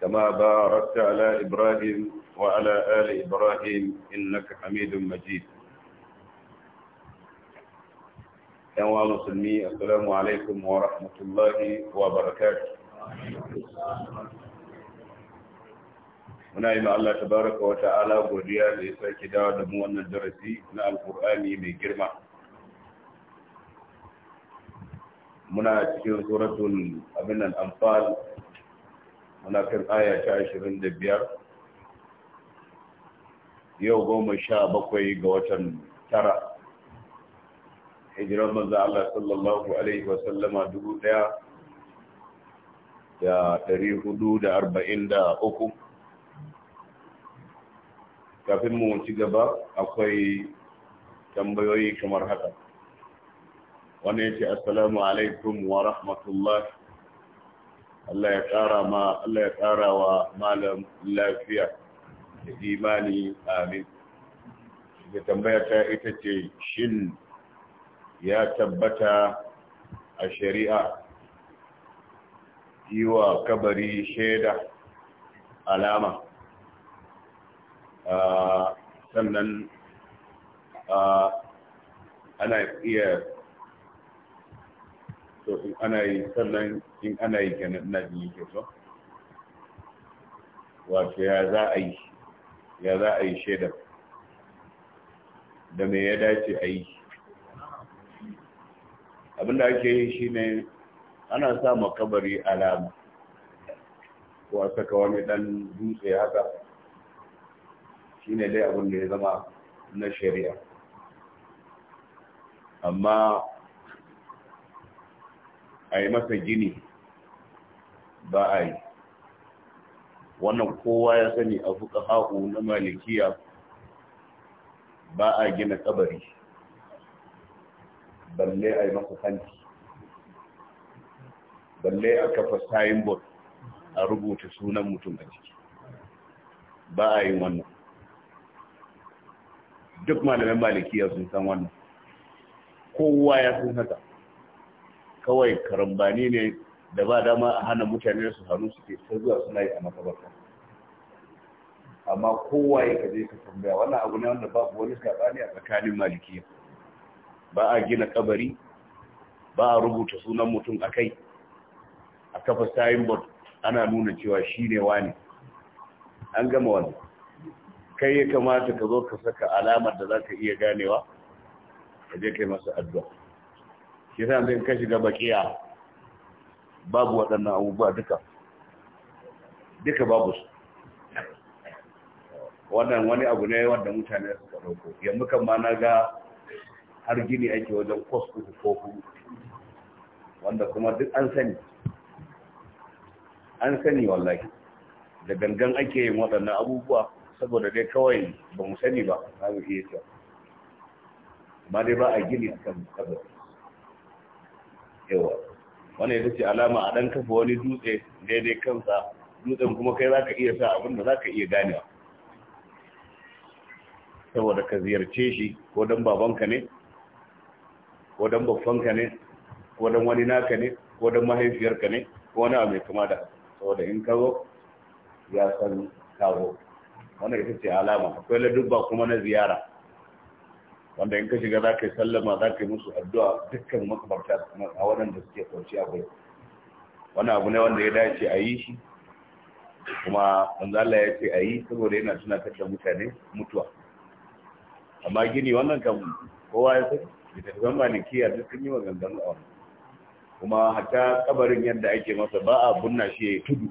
كما باركت على إبراهيم وعلى آل إبراهيم إنك حميد مجيد يا مسلمي السلام عليكم ورحمة الله وبركاته muna yi Allah tabaraka wata ala godiya da ya sake dawo da mu wannan darasi na alkur'ani mai girma muna cikin suratun abin anfal muna kan ashirin da biyar. yau goma sha bakwai ga watan tara hijiran manzo Allah sallallahu alaihi wasallama dubu daya da ɗari hudu da arba'in da uku kafin mu ci gaba akwai tambayoyi kamar haka wani ya ce assalamu alaikum wa rahmatullah Allah ya ƙara ma Allah ya ƙara wa malam lafiya da imani amin da tambaya ta ita ce shin ya tabbata a shari'a yi wa kabari shaida alama ah, sannan ah, ana iya to in ana yi sallan in ana yi kenan ina jin yake so wato ya za a yi ya za a yi shaidar da me ya dace a yi abinda ake yi shine ana sa makabari alama ko a saka wani dan dutse haka shine dai abin da ya zama na shari'a amma a yi masa gini ba a yi wannan kowa ya sani a fuka haƙo na malikiya ba a gina kabari balle a yi masa hanci balle a kafa signboard a rubuta sunan mutum a ciki ba a yi wannan duk malamin malikiya sun san wannan kowa ya sun haka kawai karambani ne da ba dama a hana mutane su hannu suke ta zuwa suna yi a makabarta amma kowa ya kaje ka tambaya wannan abu ne wanda babu wani sabani a tsakanin maliki. ba a gina kabari ba a rubuta sunan mutum a kai a kafa signboard ana nuna cewa shi ne wani an gama wani kai ya kamata ka zo ka saka alamar da za ka iya ganewa ka je kai masa addu'a shi sa zai ka shiga bakiya babu waɗannan abubuwa duka duka babu su wannan wani abu ne wanda mutane suka ɗauko yanzu kan ma na ga har gini ake wajen kwas uku ko hudu wanda kuma duk an sani an sani wallahi da gangan ake yin waɗannan abubuwa saboda dai kawai ba mu sani ba za mu iya cewa Ba dai ba a gini a kan kabari yawa wani ya ce alama a dan kafa wani dutse daidai kansa dutsen kuma kai za ka iya sa abin da ka iya ganewa saboda ka ziyarce shi ko dan babanka ne ko dan babbanka ne ko dan wani naka ne ko dan mahaifiyarka ne ko wani abu mai kama da saboda in ka zo ya san kawo wani ya ce alama akwai ladubba kuma na ziyara wanda in ka shiga za ka yi sallama za ka yi musu addu'a dukkan makabarta a waɗanda suke kwanci a gurin wani abu ne wanda ya dace a yi shi kuma manzo Allah ya ce a yi saboda yana suna da mutane mutuwa amma gini wannan kan kowa ya sani littattafan kiyar duk sun yi wa a wannan kuma hatta kabarin yadda ake masa ba a bunna shi ya yi tudu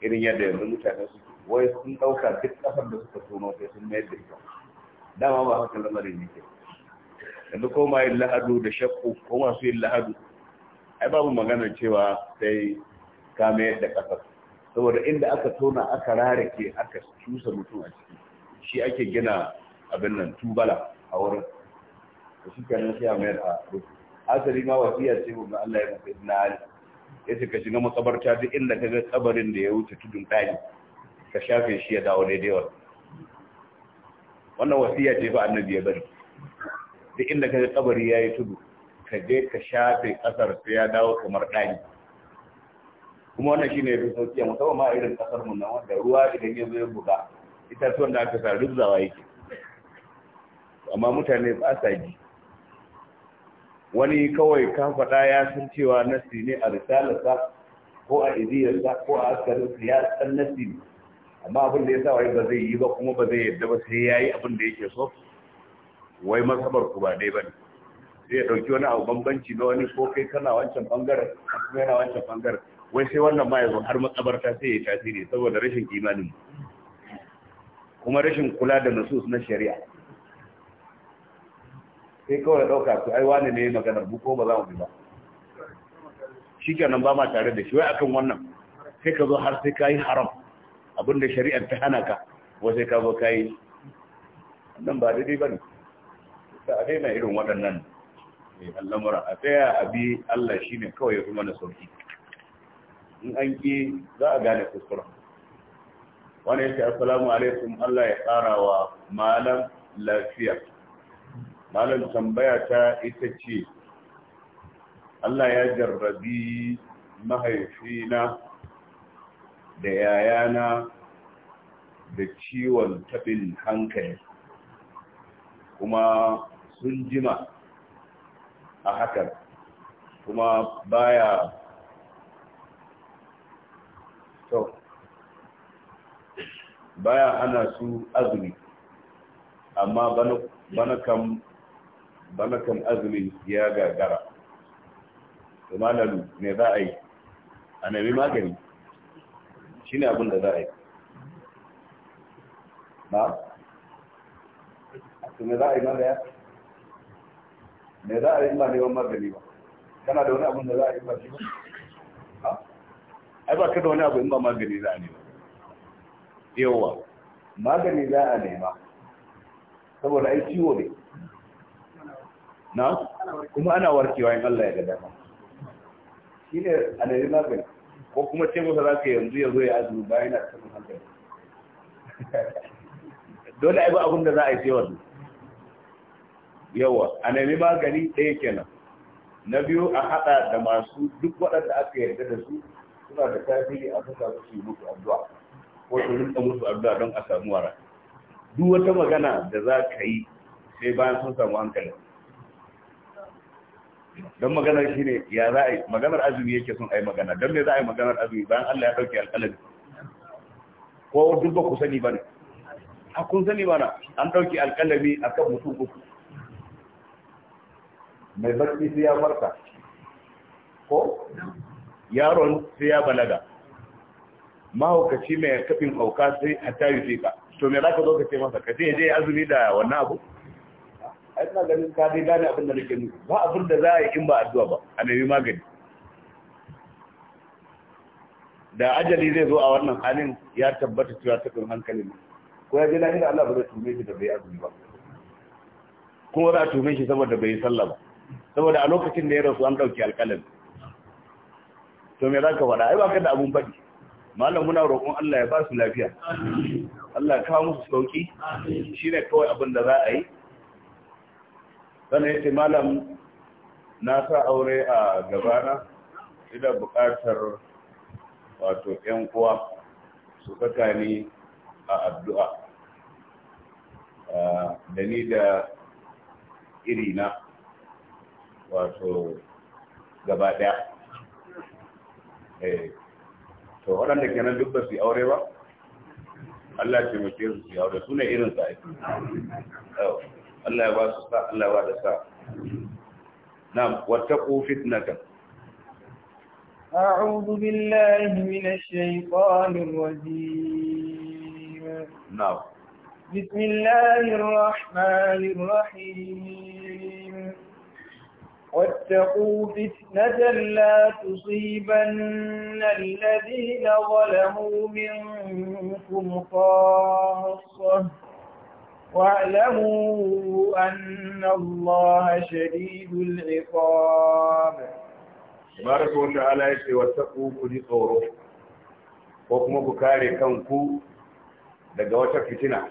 irin yadda yanzu mutane su wai sun ɗauka duk ƙasar da suka tono sai sun mayar da ita dama ba haka lamarin ke yanzu ko ma yin lahadu da shakku ko masu yin lahadu ai babu magana cewa sai ka mayar da ƙasar saboda inda aka tona aka rarake aka cusa mutum a ciki shi ake gina abin nan tubala a wurin da shi kenan sai a mayar a rufu asali ma wasiya ce mun Allah ya mutu ibn ali yace ka shiga makabarta duk inda ka kaga kabarin da ya wuce tudun kai ka shafe shi ya dawo daidai wannan wannan wasiya ce fa annabi ya bari duk inda ka ga kabari yayi tudu ka je ka shafe kasar sai ya dawo kamar dani kuma wannan shine yafi sauki musamman ma irin kasar mun nan wanda ruwa idan ya zo ya buga ita to da aka sa rubzawa yake amma mutane ba sa ji wani kawai kan faɗa ya san cewa nasi ne a risalarsa ko a idiyarsa ko a askarin siyasar nasi ne amma abin da ya sa wai ba zai yi ba kuma ba zai yadda ba sai ya yi abin da yake so wai masabar ku ba dai ba ne Sai ya ɗauki wani abu bambanci na wani ko kai kana wancan ɓangaren, kuma yana wancan ɓangaren. wai sai wannan ma ya zo har matsabarta sai ya tasiri saboda rashin imanin kuma rashin kula da nasus na shari'a sai kawai ɗauka su ai wani ne maganar mu ko ba za mu bi ba shi kenan ba ma tare da shi wai akan wannan sai ka zo har sai ka yi haram abinda shari'ar ta hana ka wasai ka zo kai nan ba daidai ba ne ta a daina irin waɗannan eh, al'amura a tsaya a bi Allah shi ne kawai ya fi mana sauki in an ki za a gane kuskura wani ya ce assalamu alaikum Allah ya tsara wa malam lafiya malam tambaya ta ita ce Allah ya jarrabi mahaifina da yayana da ciwon tabin hankali kuma sun jima a hakan kuma baya to baya ana su azumi amma bana kam bana azumin ya gagara Kuma Lalu me za a yi a nemi magani shi ne abin da za a yi ba su ne za a yi mara ya ne za a yi ba neman magani ba kana da wani abin da za a yi ba shi ba ai ba ka da wani abu in ba magani za a nema yawa magani za a nema saboda ai ciwo ne na kuma ana warkewa in Allah ya ga dama shine a nemi magani ko kuma ce masa za ka yanzu ya zo ya azumi ba yana cikin hankali dole ai ba abin da za a yi sai wannan yawa a nemi magani ɗaya kenan na biyu a haɗa da masu duk waɗanda aka yarda da su suna da tasiri a saka su yi musu addu'a ko su rinka musu addu'a don a samu wara duk wata magana da za ka yi sai bayan sun samu hankali don maganar shi ne ya za a yi maganar azumi yake sun ai magana don me za a yi maganar azumi bayan Allah ya ɗauke alƙalami ko duk ba ku sani ba ne a kun sani ba na an ɗauke alƙalami a kan mutum uku mai barci sai ya farka ko yaron sai ya balaga mahaukaci mai kafin hauka sai hatta yi fika to me za ka zo ka ce masa ka je je azumi da wannan abu A ina ganin ka dai gane abin da nake nufi ba abin da za a yi in ba addu'a ba a nemi magani da ajali zai zo a wannan halin ya tabbata cewa ta kan hankali ne ko ya je lahira Allah ba zai tume shi da bai azumi ba kuma za a tume shi saboda bai yi sallah ba saboda a lokacin da ya rasu an dauki alƙalami to me za ka faɗa ai ba ka da abun faɗi malam muna roƙon Allah ya ba su lafiya Allah ya kawo musu sauki shine kawai abin da za a yi sana yace malam na sa aure a gabana ina buƙatar wato ƴan uwa su saka ni a addu'a da ni da irina wato gaba ɗaya eh, to waɗanda kenan duk ba su aure ba Allah ce mace su aure su ne irin sa الله ya الله su نعم واتقوا فتنة أعوذ بالله من الشيطان الرجيم نعم بسم الله الرحمن الرحيم واتقوا فتنة لا تصيبن الذين ظلموا منكم خاصة واعلموا أن الله شديد العقاب تبارك وتعالى يشي واتقوا كل صوره وكما بكاري كنكو daga wata fitina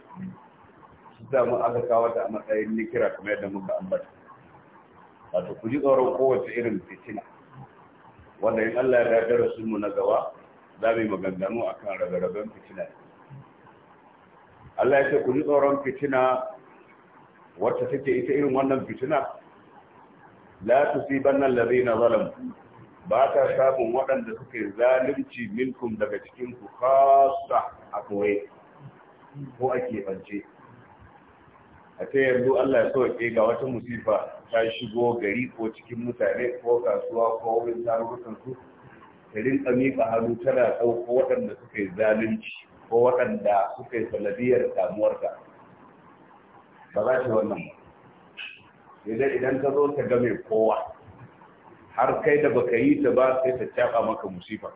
su samu aka kawo a matsayin nikira kamar yadda muka ambata wato ku ji tsoron kowace irin fitina wanda in Allah ya dagara mu na gaba za mu yi maganganu akan rabe-raben fitina Allah ya ce ku ji tsoron fitina wacce take ita irin wannan fitina la tusibanna allazina zalam ba ta samun waɗanda suke zalunci minkum daga cikin ku khassa a ko a bance a ta yanzu Allah ya sauke ga wata musifa ta shigo gari ko cikin mutane ko kasuwa ko wurin tarurrukan su ta rinka miƙa hannu tana ɗauko waɗanda suke zalunci ko waɗanda suka yi sanadiyar damuwarka ba za shi wannan idan idan ka zo ta game kowa har kai da baka yi ta ba sai ta caba maka musifa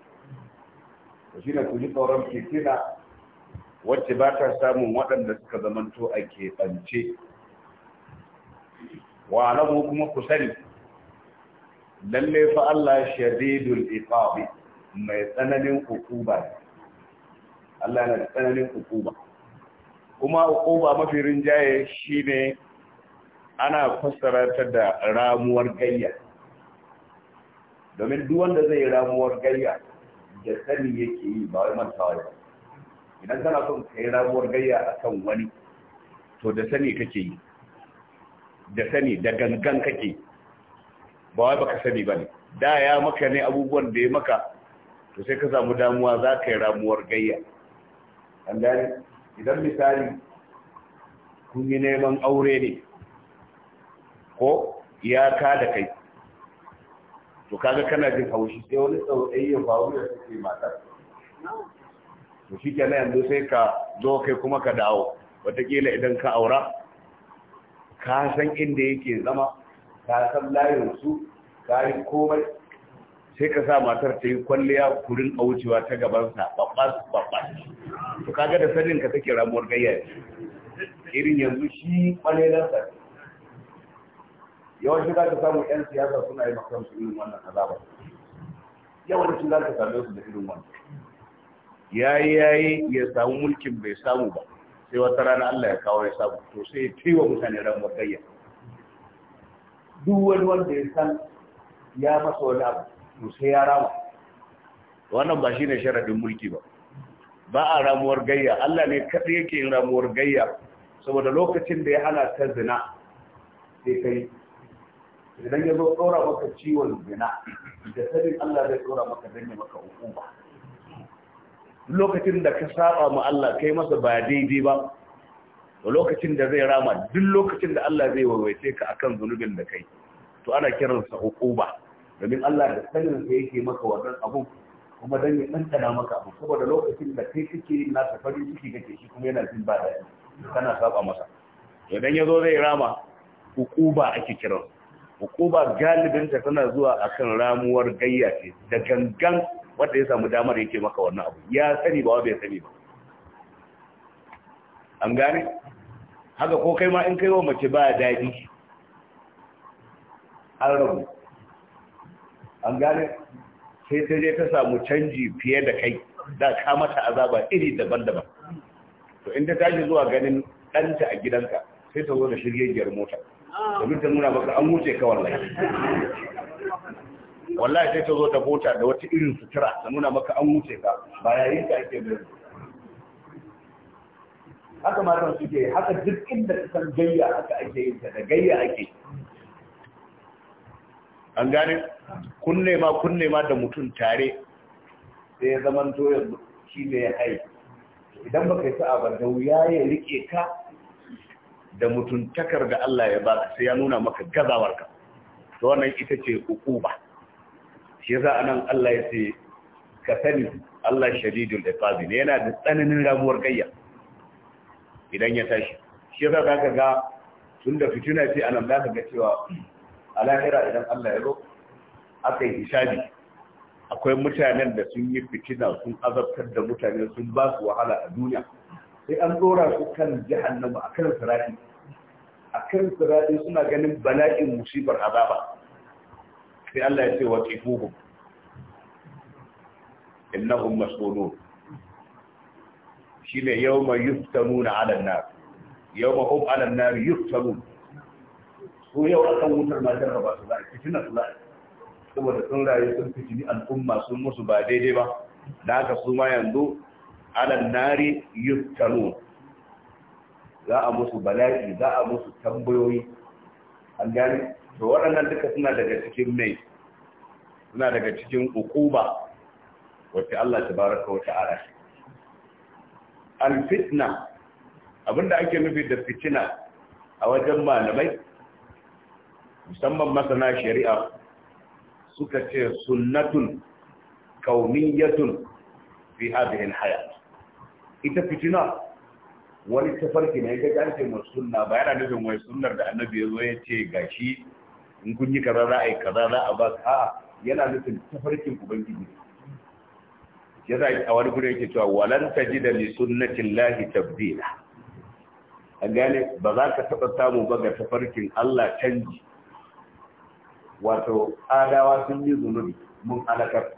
to shi na ku ji tsoron fitina wacce ba ta samun waɗanda suka zamanto a keɓance wa alamu kuma ku sani lalle fa Allah shadidul iqabi mai tsananin hukuma ne Allah yana da tsananin hukuma kuma hukuma mafi rinjaye shine ana fassara ta da ramuwar gayya domin duk wanda zai ramuwar gayya da sani yake yi ba wai mantawa ba idan kana son kai ramuwar gayya akan wani to da sani kake yi da sani da gangan kake ba wai baka sani bane da ya maka ne abubuwan da ya maka to sai ka samu damuwa za ka yi ramuwar gayya an gane idan misali kun yi neman aure ne ko ya ka da kai to kaga kana jin haushi sai wani tsautsayi ya faru da suke matar to shi ke yanzu sai ka zo kai kuma ka dawo watakila idan ka aura ka san inda yake zama ka san layinsu ka yi komai sai ka sa matar ta yi kwalliya kurin aucewa ta gabansa babbas babbas to kaga da sanin ka take ramuwar gayya irin yanzu shi kwalelan sa yawanci za ka samu yan siyasa suna yi makaran su irin wannan azaba yawanci za zaka same su da irin wannan yayi yayi ya samu mulkin bai samu ba sai wata rana Allah ya kawo ya samu to sai ya tiwa mutane ramuwar gayya duk wani wanda ya san ya masa wani abu to sai ya rama wannan ba shine sharadin mulki ba ba a ramuwar gayya Allah ne kaɗai yake yin ramuwar gayya saboda lokacin da ya hana ta zina sai kai idan ya zo ɗora maka ciwon zina da sanin Allah zai ɗora maka don ya maka hukuma lokacin da ka saba ma Allah kai masa ba daidai ba da lokacin da zai rama duk lokacin da Allah zai waiwaice ka akan zunubin da kai to ana kiransa hukuma domin Allah da sanin sa yake maka wannan abun kuma dan ya ɗanɗana maka abu saboda lokacin da kai kike yin nasa farin ciki kake shi kuma yana jin ba daɗi kana saba masa idan ya zo zai rama hukuba ake kiran hukuba ta tana zuwa akan ramuwar gayya ce da gangan wanda ya samu damar yake maka wannan abu ya sani ba bai sani ba an gane haka ko kai ma in kai wa mace ba daɗi an rabu an gane sai ta je ta samu canji fiye da kai da ka mata azaba iri daban-daban to in ta ji zuwa ganin danta a gidanka sai ta zo da shiryayyar mota domin ta nuna maka an wuce ka wallahi wallahi sai ta zo ta mota da wata irin sutura ta nuna maka an wuce ka ba yayin ka ake bayar haka matan suke haka duk inda ka san gayya haka ake yin ta da gayya ake an gane kunne ma kunne ma da mutum tare sai ya zaman to shi ne ya hai idan baka yi sa'a da wuya ya rike ka da mutuntakar da Allah ya baka sai ya nuna maka gazawarka to wannan ita ce ba shi yasa anan Allah ya ce ka sani Allah shadidul iqabi ne yana da tsananin ramuwar gayya idan ya tashi shi yasa zaka ga tunda fituna ce anan zaka ga cewa a lahira idan Allah ya zo aka yi hisabi akwai mutanen da sun yi fitina sun azabtar da mutane sun ba su wahala a duniya sai an dora su kan jahannama a kan sirati a kan sirati suna ganin bala'in musibar azaba sai Allah ya ce wa tifuhu innahum mas'ulun shine yawma yuftanuna 'ala an-nar yawma hum 'ala an-nar yuftanun ko yau akan wutar ma jarraba su za'a fitina su za'a saboda sun rayu sun fitini al'umma sun musu ba daidai ba da haka su ma yanzu alal nari yuftanu za a musu bala'i za a musu tambayoyi an gani to waɗannan duka suna daga cikin mai suna daga cikin ukuba wacce Allah ta baraka wa ta'ala al fitna abinda ake nufi da fitina a wajen malamai musamman masana shari'a suka ce sunnatun kauniyatun fi hadhihi alhayat ita fitina wani tafarki ne ga gance mu sunna ba yana nufin wai sunnar da annabi ya zo ya ce gashi in kun yi kaza za a yi kaza za a ba a'a yana nufin tafarkin ubangiji ya za a wani gure yake cewa walan tajida li sunnatin lahi tabdila a gane ba za ka taɓa samu ba ga tafarkin Allah canji wato adawa sun yi zunubi mun alakar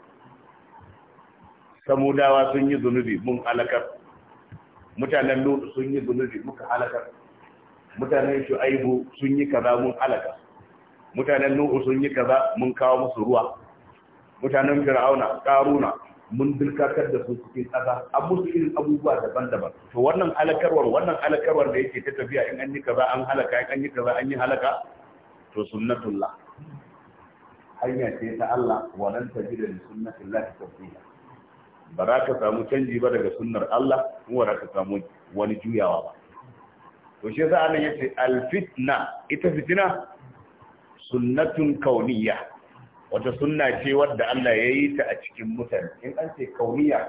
samudawa sun yi zunubi mun alakar mutanen lutu sun yi zunubi muka alakar mutanen shu'aibu sun yi kaza mun alakar mutanen nuhu sun yi kaza mun kawo musu ruwa mutanen fir'auna karuna mun dulkakar da su cikin ƙasa an musu irin abubuwa daban-daban to wannan alakarwar wannan alakarwar da yake ta tafiya in an yi kaza an halaka in an yi kaza an yi halaka to sunnatullah hanya ce ta Allah walan tajida da sunnati Allah ba za ka samu canji ba daga sunnar Allah kuma ba ka samu wani juyawa ba to shi yasa Allah yace al fitna ita fitina sunnatun kauniyya wata sunna ce wadda Allah ya yi ta a cikin mutane in an ce kauniyya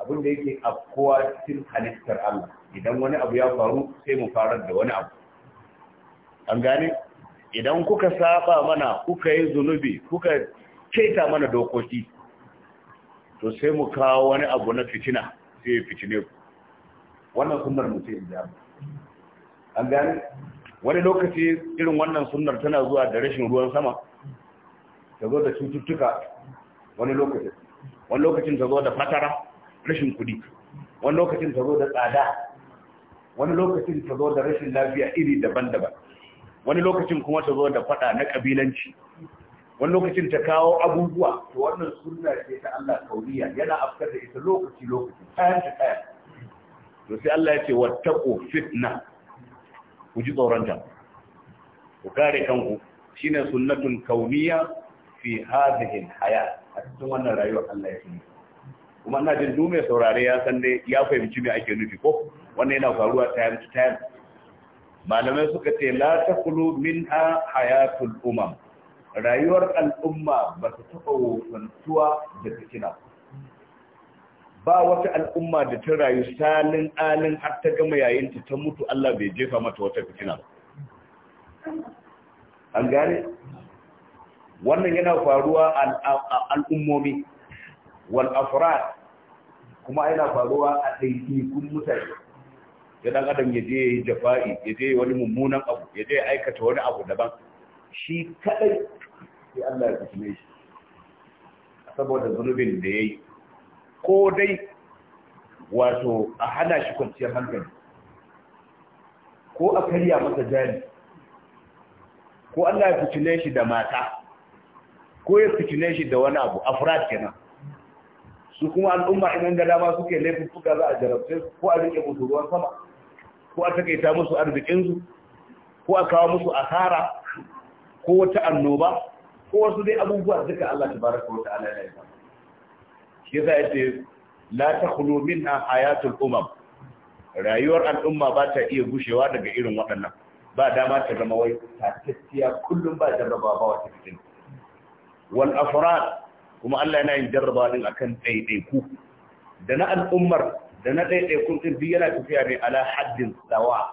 abin da yake afkowa cikin halittar Allah idan wani abu ya faru sai mu farar da wani abu an gane idan kuka saba mana kuka yi zunubi kuka keta mana dokoki to sai mu kawo wani abu na fitina sai ya fitine ku wannan sunnar mu ce in ja an gani wani lokaci irin wannan sunnar tana zuwa da rashin ruwan sama ta zo da cututtuka wani lokacin wani lokacin ta zo da fatara rashin kudi wani lokacin ta zo da tsada wani lokacin ta zo da rashin lafiya iri daban-daban wani lokacin kuma ta zo da faɗa na ƙabilanci wani lokacin ta kawo abubuwa to wannan sunna ce ta Allah kauniya yana afkar da ita lokaci lokaci kayan ta kaya to sai Allah ya ce wattaqu fitna ku ji tsoron ta ku kare kanku shine sunnatun kauniya fi hadhihi alhaya a cikin wannan rayuwar Allah ya yi kuma ina jin dume saurare ya san dai ya fahimci me ake nufi ko wannan yana faruwa time ta time malamai suka ce la taqulu minha hayatul umam rayuwar al'umma ba ta taɓa wofantuwa da fitina ba wata al'umma da ta rayu salin alin har ta gama yayin ta ta mutu Allah bai jefa mata wata fitina an gane wannan yana faruwa al'ummomi wal afrad kuma yana faruwa a ɗaiɗaikun mutane ya dan adam ya je ya yi jafa'i ya je wani mummunan abu ya je ya aikata wani abu daban shi kadai sai Allah ya kusume shi saboda zunubin da ya yi ko dai wato a hana shi kwanciyar hankali ko a karya masa jari ko Allah ya fitile shi da mata ko ya fitile shi da wani abu afrad kenan su kuma al'umma idan da dama suke laifin fuka za a jarabce ko a rike musu ruwan sama ko a takaita musu arzikinsu ko a kawo musu asara ko wata annoba ko wasu dai abubuwa duka Allah tabaraka wa ta'ala ya yi shi yasa yace la takhlu minha hayatul umam rayuwar al'umma ba ta iya gushewa daga irin waɗannan ba dama ta zama wai ta tafiya kullum ba jarraba ba wata fitin wal afrad kuma Allah yana yin jarraba din akan daidaiku da na al'ummar da na ɗaiɗaikun ɗin biyu yana tafiya ne ala haddin tsawa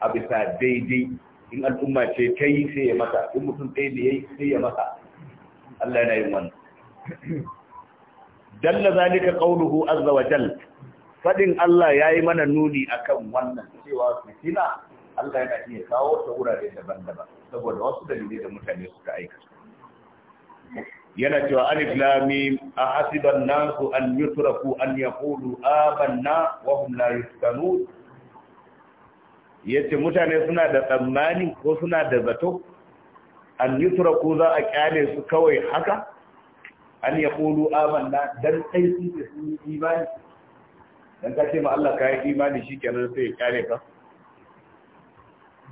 a bisa daidai in al'umma ce ta yi sai ya mata in mutum ɗaya da ya yi sai ya mata Allah yana yin wannan dalla zalika qawluhu azza wa jal fadin Allah yayi mana nuni akan wannan cewa fitina Allah yana iya kawo ta wurare daban-daban saboda wasu dalilai da mutane suka aika. yana cewa alif lam mim hasiban nasu an yutraku an yaqulu amanna wa hum la yuftanun yace mutane suna da tsammani ko suna da zato an yutraku za a kyale su kawai haka an yaqulu amanna dan sai su yi imani dan kace ma Allah kai imani shikenan sai ya kyale ka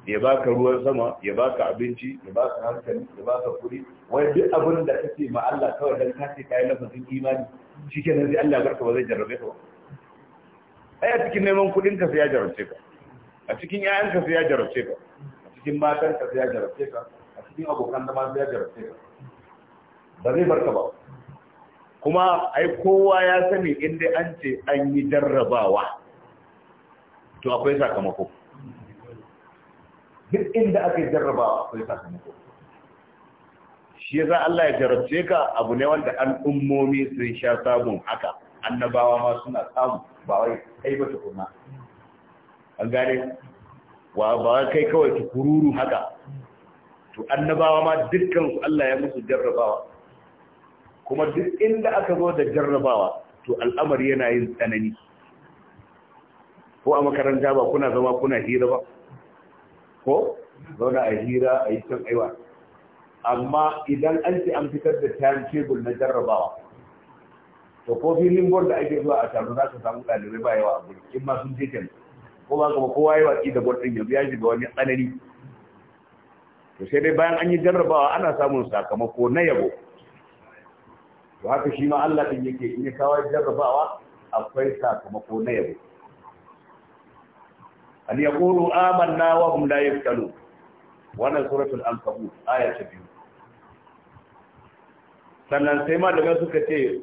ya baka ruwan sama ya baka abinci ya baka hankali ya baka kuɗi wai duk abin da kake ma Allah kawai dan kace kai lafazin imani shikenan sai Allah barka ba zai jarrabe ka ba ai a cikin neman kuɗin ka sai ya jarrabe ka a cikin ƴaƴan ka sai ya jarrabe ka a cikin matan ka sai ya jarrabe ka a cikin abokan zama sai ya jarrabe ka ba zai barka ba kuma ai kowa ya sani inda an ce an yi jarrabawa to akwai sakamako duk inda aka yi jarrabawa akwai sakamako shi yasa Allah ya jarabce ka abu ne wanda an ummomi sun sha samun haka annabawa ma suna samu ba wai kai ba tukuna an gane wa ba kai kawai kururu haka to annabawa ma dukkan su Allah ya musu jarrabawa kuma duk inda aka zo da jarrabawa to al'amari yana yin tsanani ko a makaranta ba kuna zama kuna hira ba ko zauna a hira a yi can aiwa amma idan an ce an fitar da time table na jarrabawa to ko filin board da ake zuwa a taro za ka samu ɗalibai ba yawa a guri in ma sun je can ko ba kuma kowa yawa ki da board ɗin yanzu ya shiga wani tsanani to sai dai bayan an yi jarrabawa ana samun sakamako na yabo to haka shi ma Allah din yake in ya kawo jarrabawa akwai sakamako na yabo an aman na wa hum ya yaftanun wannan suratul ankabut aya ta biyu sannan sai daga suka ce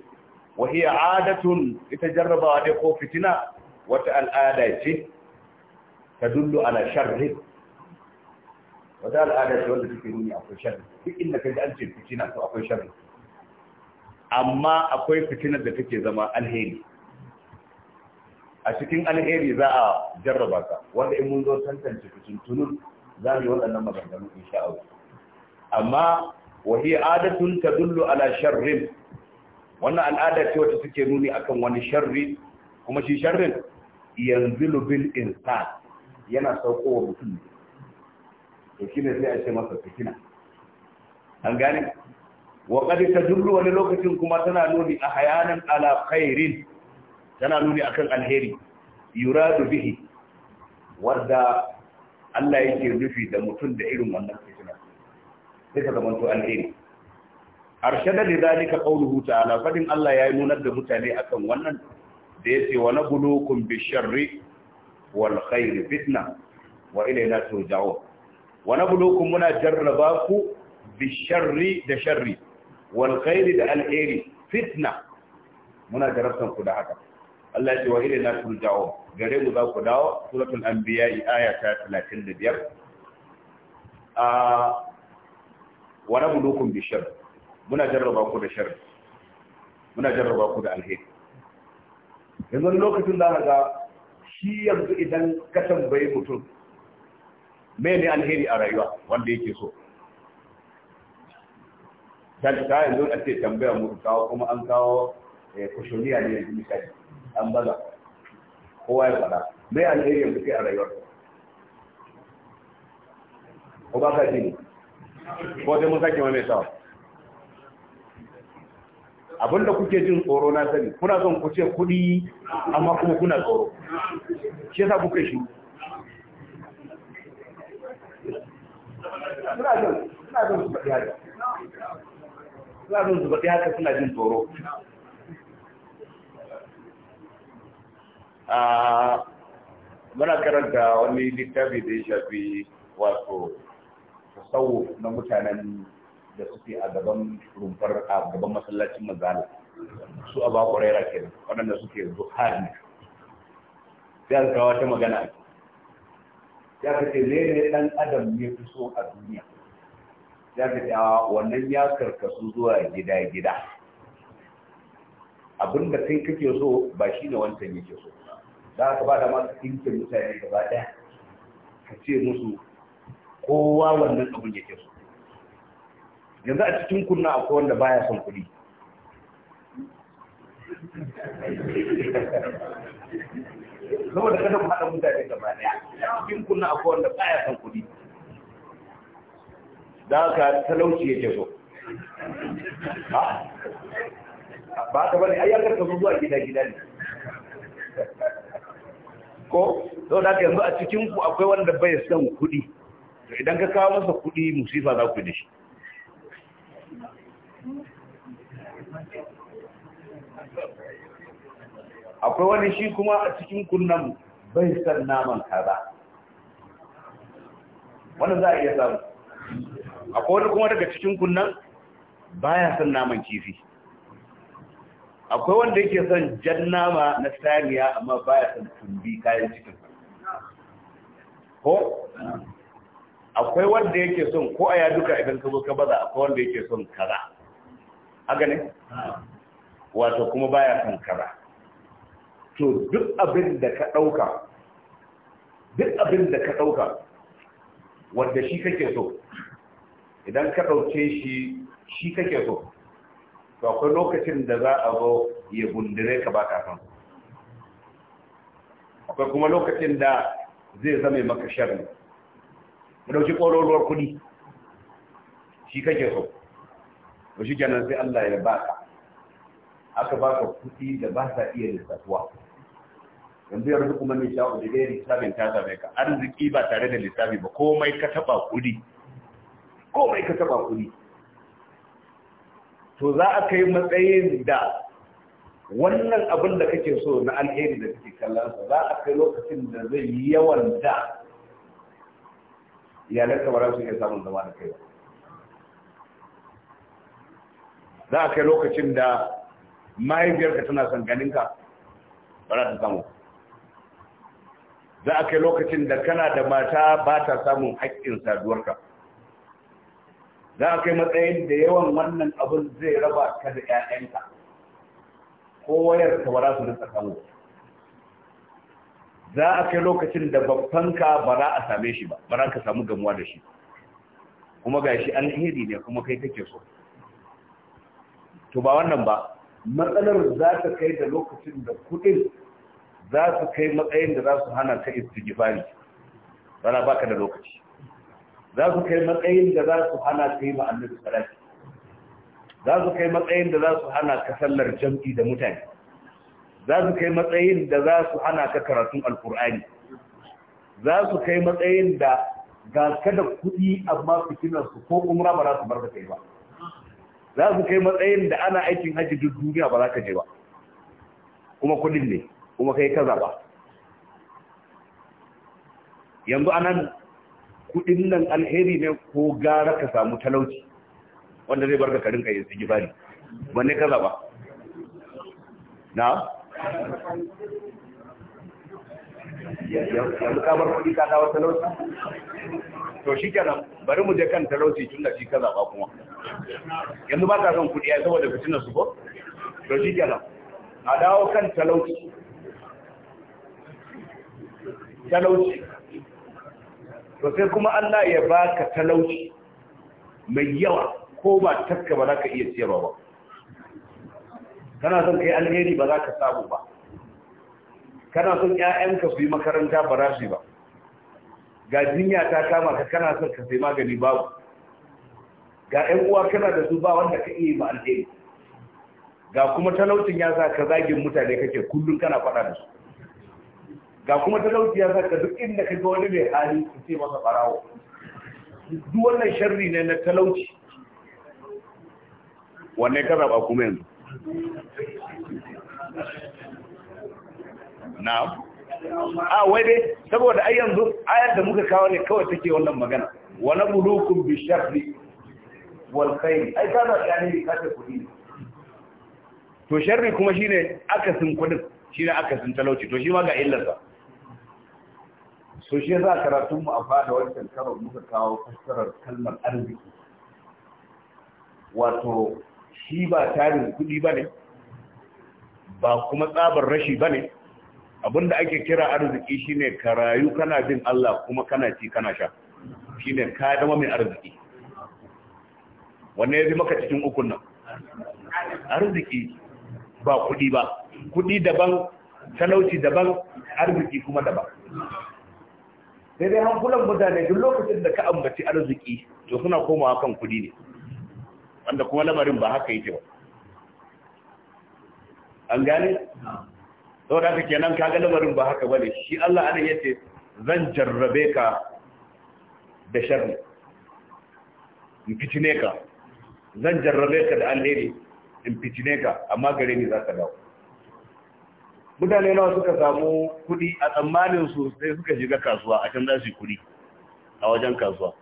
wa hiya adatun ita jarrabawa dai ko fitina wata al'ada ce ta dullu ala sharri wata al'ada ce wanda suke nuni akwai sharri duk inda kaji an ce fitina to akwai sharri amma akwai fitinar da take zama alheri a cikin alheri za a jarraba ka wanda in mun zo tantance fitintunun za mu yi waɗannan maganganu sha Allah amma wahi adatun tadullu ala sharrin wannan al'ada ce wacce suke nuni akan wani sharri kuma shi sharrin yanzilu bil insan yana saukowa mutum to shine sai a ce masa fitina an gane wa ta tadullu wani lokacin kuma tana nuni a hayanan ala khairin yana nuni akan alheri yuradu bihi wanda Allah yake nufi da mutum da irin wannan fitina sai ka zamanto alheri arshada da zalika qawluhu ta'ala fadin Allah yayi nunar da mutane akan wannan da yace wa nabulukum bisharri wal khair fitna wa ilayna turja'un wa nabulukum muna jarraba ku bisharri da sharri wal khair da alheri fitna muna jarabtan ku da haka Allah ce wa ilayna jawo, gare mu za ku dawo suratul anbiya aya ta 35 a wa mu bi sharr muna jarraba ku da shar muna jarraba ku da alheri yanzu lokacin da ga shi yanzu idan ka tambaye mutum mene alheri a rayuwa wanda yake so dan ta yanzu a ce tambaya mu kawo kuma an kawo eh, kushoniya ne yanzu misali an baza kowa ya faɗa mai alheri yanzu kai a rayuwar ko ba ka jini ko dai mun sake mai sawa da kuke jin tsoro na sani kuna son ku ce kuɗi amma kuma kuna tsoro shi yasa kai shi suna zan su faɗi haka suna jin tsoro muna karanta wani littafi da ya shafi wato tasawuf na mutanen da suke a gaban rumfar a gaban masallacin mazala su a ba ƙwararra ke waɗanda suke zuhari sai an kawo ta magana ya fi ce ne ɗan adam ne fi so a duniya ya fi ta wannan ya karkasu zuwa gida-gida abinda kai kake so ba shi ne wancan yake so da aka ba da masu ɗinkin mutane gaba ɗaya ka ce musu kowa wannan abin yake so yanzu a cikin kunna akwai wanda baya son kuɗi saboda kada mu haɗa mutane gaba ɗaya a cikin kunna akwai wanda baya son kuɗi da ka talauci yake so ba ta bane ayyakar ka zuwa gida gida ne ko sau da yanzu a cikin ku akwai wanda bai son kuɗi to idan ka kawo masa kuɗi musifa za ku da shi akwai wani shi kuma a cikin kunnan bai san naman kaza wannan za a iya samu akwai wani kuma daga cikin kunnan baya san naman kifi akwai wanda yake son jan nama na saniya amma baya son tumbi kayan cikin ko akwai wanda yake son ko aya duka idan ka zo ka baza akwai wanda yake son kaza haka ne wato kuma baya son kaza to duk abin da ka dauka duk abin da ka dauka wanda shi kake so idan ka dauke shi shi kake so to akwai lokacin da za a zo ya gundure ka ba kafin akwai kuma lokacin da zai zama maka sharri mu dauki kororuwar kuɗi shi kake so to shi kenan sai Allah ya baka aka baka kuɗi da ba sa iya lissafuwa yanzu ya rubu kuma mai sha'u da dai lissafin ta same ka arziki ba tare da lissafi ba komai ka taba kuɗi komai ka taba kuɗi to za a kai matsayin da wannan abin da kake so na alheri da kake kallon su za a kai lokacin da zai yi yawan da iyalanka kamar su iya samun zama da kai ba za a kai lokacin da mahaifiyarka tana son ganinka ba za ta samu za a kai lokacin da kana da mata ba ta samun haƙƙin saduwarka za a kai matsayin da yawan wannan abin zai raba ka da ƴaƴanka ko wayar ka ba za su rinka samu za a kai lokacin da babban ba za a same shi ba ba ka samu gamuwa da shi kuma ga shi alheri ne kuma kai kake so to ba wannan ba matsalar za ta kai da lokacin da kuɗin za su kai matsayin da za su hana ka istigifari rana baka da lokaci za su kai matsayin da za su hana ta yi da salati za su kai matsayin da za su hana ka sallar jam'i da mutane za su kai matsayin da za su hana ka karatun alkur'ani za su kai matsayin da ga kada kuɗi amma fitinarsu ko umra ba za su bar da kai ba za su kai matsayin da ana aikin haji duk duniya ba za ka je ba kuma kuɗin ne kuma kai kaza ba yanzu anan kudin nan alheri ne ko gara ka samu talauci wanda zai barka karin ka su gibari wanne ka zaba na yanzu kamar kudi ka dawo talauci to shi kenan bari mu je kan talauci tun da shi ka zaba kuma yanzu ba ka son kudi ya saboda fitina su ko to shi kenan a dawo kan talauci talauci to sai kuma Allah ya baka talauci mai yawa ko ba takka ba zaka ka iya ciyarwa ba kana son kai alheri ba za ka samu ba kana son ƴaƴanka su yi makaranta ba za su ba ga jinya ta kama ka kana son ka sai magani babu ga ƴan uwa kana da su ba wanda ka iya ma alheri ga kuma talaucin ya sa ka zagin mutane kake kullum kana faɗa da su ga kuma talauci ya ka duk inda ka ga wani mai hali ka ce masa farawa. duk wannan sharri ne na talauci wanne ka zaba kuma yanzu Na. a wai dai saboda ai yanzu ayar da muka kawo ne kawai take wannan magana Wani mulukun bi sharri wal khair ai ka da yani ka ce kudi to sharri kuma shine akasin kudin shine akasin talauci to shi ma ga illarsa so shi yasa karatun mu a fada wancan karon muka kawo fassarar kalmar arziki wato shi ba tarin kuɗi ba ne ba kuma tsabar rashi ba ne abinda ake kira arziki shine karayu kana jin Allah kuma kana ci kana sha shine ka zama mai arziki wanne ya maka cikin ukun nan arziki ba kuɗi ba kuɗi daban talauci daban arziki kuma daban sai dai hankulan mutane duk lokacin da ka ambaci arziki to suna komawa kan kudi ne wanda kuma lamarin ba haka yake ba an gane saboda nan kenan kaga lamarin ba haka bane shi Allah anan yace zan jarrabe ka da sharri in fitine ka zan jarrabe ka da alheri in fitine ka amma gare ni za ka dawo mutane nawa suka samu kuɗi a tsammanin su sai suka shiga kasuwa a can za su kuɗi a wajen kasuwa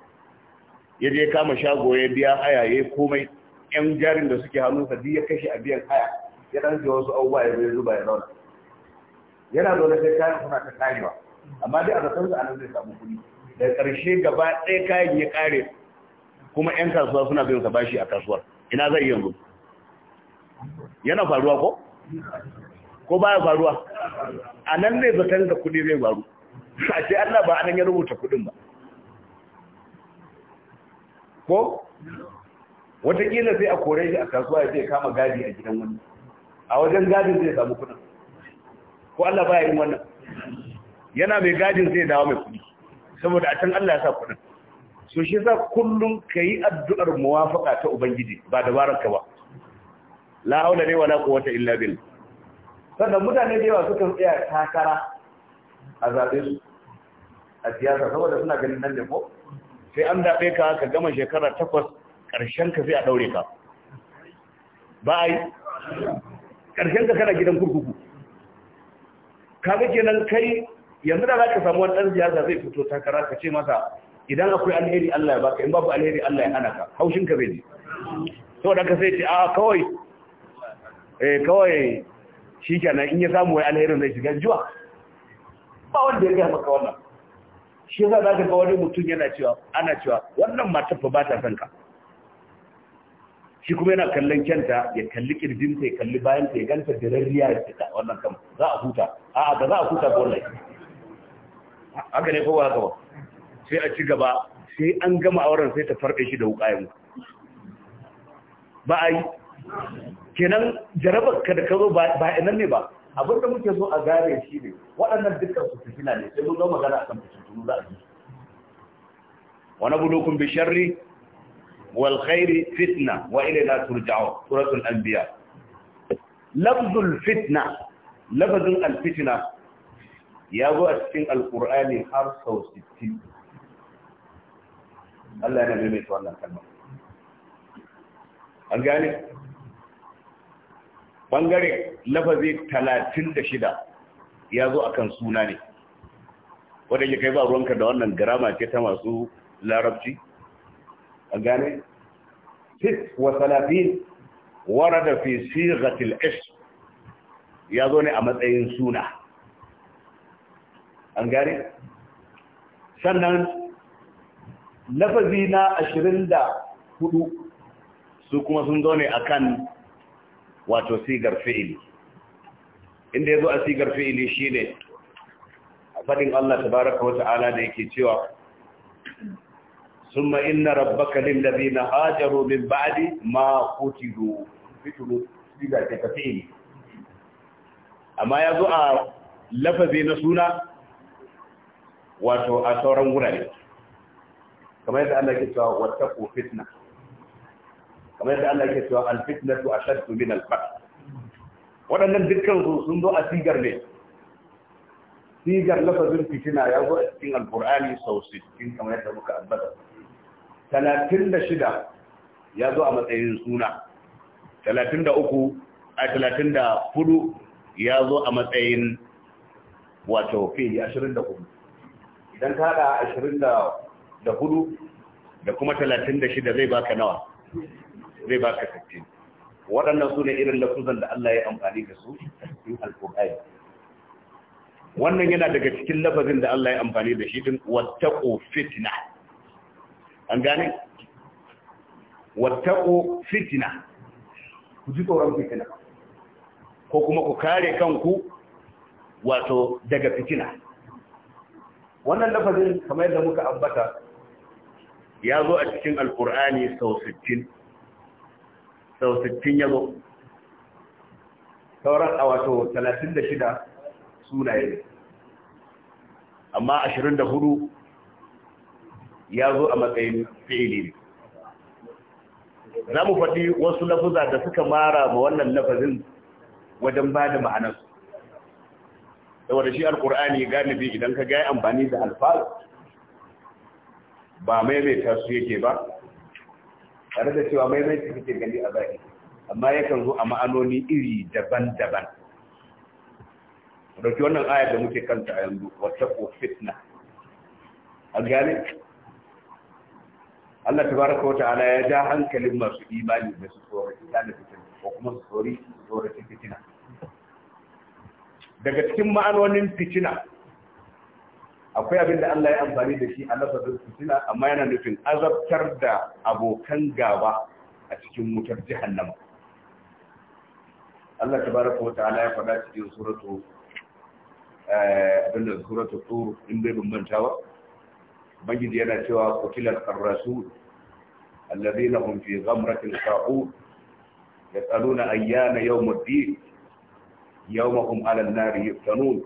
ya je kama shago ya biya haya ya komai yan jarin da suke hannunsa sa ya kashe a biyan haya ya dan ji wasu abubuwa ya zai zuba ya zauna yana zaune sai kayan suna ta karewa amma dai a zaton a nan zai samu kuɗi da ƙarshe gaba ɗaya kayan ya kare kuma yan kasuwa suna biyan sa bashi a kasuwar ina zai yanzu yana faruwa ko ko ba ya faruwa a nan ne zaton da kuɗi zai faru a ce Allah ba anan ya rubuta kuɗin ba ko watakila sai a kore shi a kasuwa ya kama gadi a gidan wani a wajen gadin zai samu kuɗin ko Allah ba ya yin wannan yana mai gadin zai dawo mai kuɗi saboda a can Allah ya sa kuɗin so shi za kullum ka yi addu'ar muwafaka ta Ubangiji ba dabaranka ba la haula ne wala quwwata illa billah sannan mutane da yawa sukan tsaya takara a zaɓe su a siyasa saboda suna ganin nan da ko sai an daɓe ka ka gama shekara takwas ƙarshen ka sai a ɗaure ka ba a yi ƙarshen ka kana gidan kurkuku kaga kenan kai yanzu da za ka samu wani ɗan siyasa zai fito takara ka ce masa idan akwai alheri Allah ya baka in babu alheri Allah ya hana ka haushin ka bai ne. saboda ka sai ce a ah, kawai eh kawai shi kenan in ya samu wai alherin zai shiga juwa ba wanda ya gaya maka wannan shi yasa za ka ga wani mutum yana cewa ana cewa wannan mata fa ba ta son ka shi kuma yana kallon kyanta ya kalli ta ya kalli bayanta ya ganta da rariya ya fita wannan kan za a huta a'a ga za a huta ko wallahi haka ne ko ba haka ba sai a ci gaba sai an gama auren sai ta farɗe shi da wuƙayen ba a yi kenan jarabar ka da ka zo ba inan ne ba abin da muke so a gane shi ne waɗannan dukkan su fitina ne sai mun zo magana akan fitintunu za a ji wani bulukun bi sharri wal khairi fitna wa ilaina turja'u suratul anbiya lafzul fitna lafazin al fitna ya zo a cikin alqur'ani har sau 60 Allah yana maimaita wannan kalma an gane bangare lafazi talatin da shida ya zo akan suna ne wadda ya kai ba ruwanka da wannan garama ce ta masu larabci a gane sit wa salafin warada fi sigatil ish ya zo ne a matsayin suna an gane sannan lafazi na ashirin da hudu su kuma sun zo ne akan wato sigar fi'ili inda yazo a sigar fi'ili shine fadin Allah tabaaraka wa ta'ala da yake cewa summa inna rabbaka lil ladina hajaru min ba'di ma qutilu fitulu sigar ta fi'ili amma yazo a lafazi na suna wato a sauran wurare kamar yadda Allah ke cewa wattaqu fitna kamar yadda Allah yake cewa al-fitnatu ashaddu min al qatl waɗannan dukkan su sun zo a sigar ne sigar lafazin fitina ya zo a cikin alkur'ani sau 60 kamar yadda muka ambata 36 ya zo a matsayin suna 33 a 34 ya zo a matsayin wato fi 24 idan ka haɗa 24 da kuma 36 zai baka nawa zai baka sittin waɗannan su ne irin lafuzan da Allah ya amfani da su a cikin alƙur'ani wannan yana daga cikin lafazin da Allah ya amfani da shi din wattaqu fitna an gane wattaqu fitna ku ji tsoron fitina ko kuma ku kare kanku wato daga fitina wannan lafazin kamar yadda muka ambata ya zo a cikin alƙur'ani sau 60 sau 60 ya zo sauran a wato 36 sunaye yi. amma 24 ya zo a matsayin fili za mu faɗi wasu lafuza da suka mara ma wannan lafazin wajen ba da ma'anar saboda shi alkur'ani galibi idan ka gaya amfani da alfal ba maimaita su yake ba tare da cewa maimaici kake gani a zaki amma yakan zo a ma'anoni iri daban-daban dauki wannan ayar da muke kanta a yanzu wata ko fitna a gane Allah ta baraka wa ta'ala ya ja hankalin masu imani da su tsoro da fitina ko kuma su tsori tsoro fitina daga cikin ma'anonin fitina akwai abin da Allah ya amfani da shi a lafazin fitina amma yana nufin azabtar da abokan gaba a cikin wutar jahannama Allah tabaraka wata ala ya faɗa cikin suratu eh, abin da suratu tur in bai bambanta ba bangiji yana cewa kutilar ar-rasul alladhina hum fi Sa'u, ya tsaruna ayyana yau ad yau yawmahum alal nari yuftanun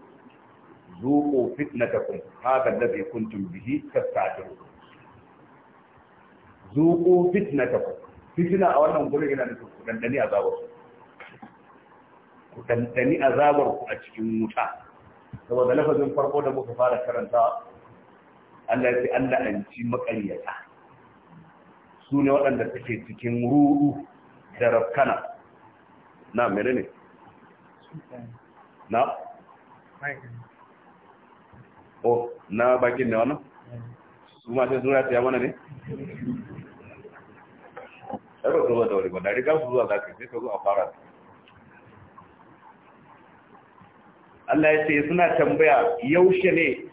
zuqu fitnatakum hadha alladhi kuntum bihi tasta'jilun zuqu fitnatakum fitna a wannan gurin yana da dandani azabar ku dandani azabar ku a cikin wuta saboda lafazin farko da muka fara karanta Allah ya ce Allah an ci maƙaryata su ne waɗanda suke cikin ruɗu da rafkana na menene oh na bakin ne wannan su ma sai sun ta mana ne ɗaga zuwa da wuri ba da riga su zuwa zafi sai ka zo a fara Allah ya ce suna tambaya yaushe ne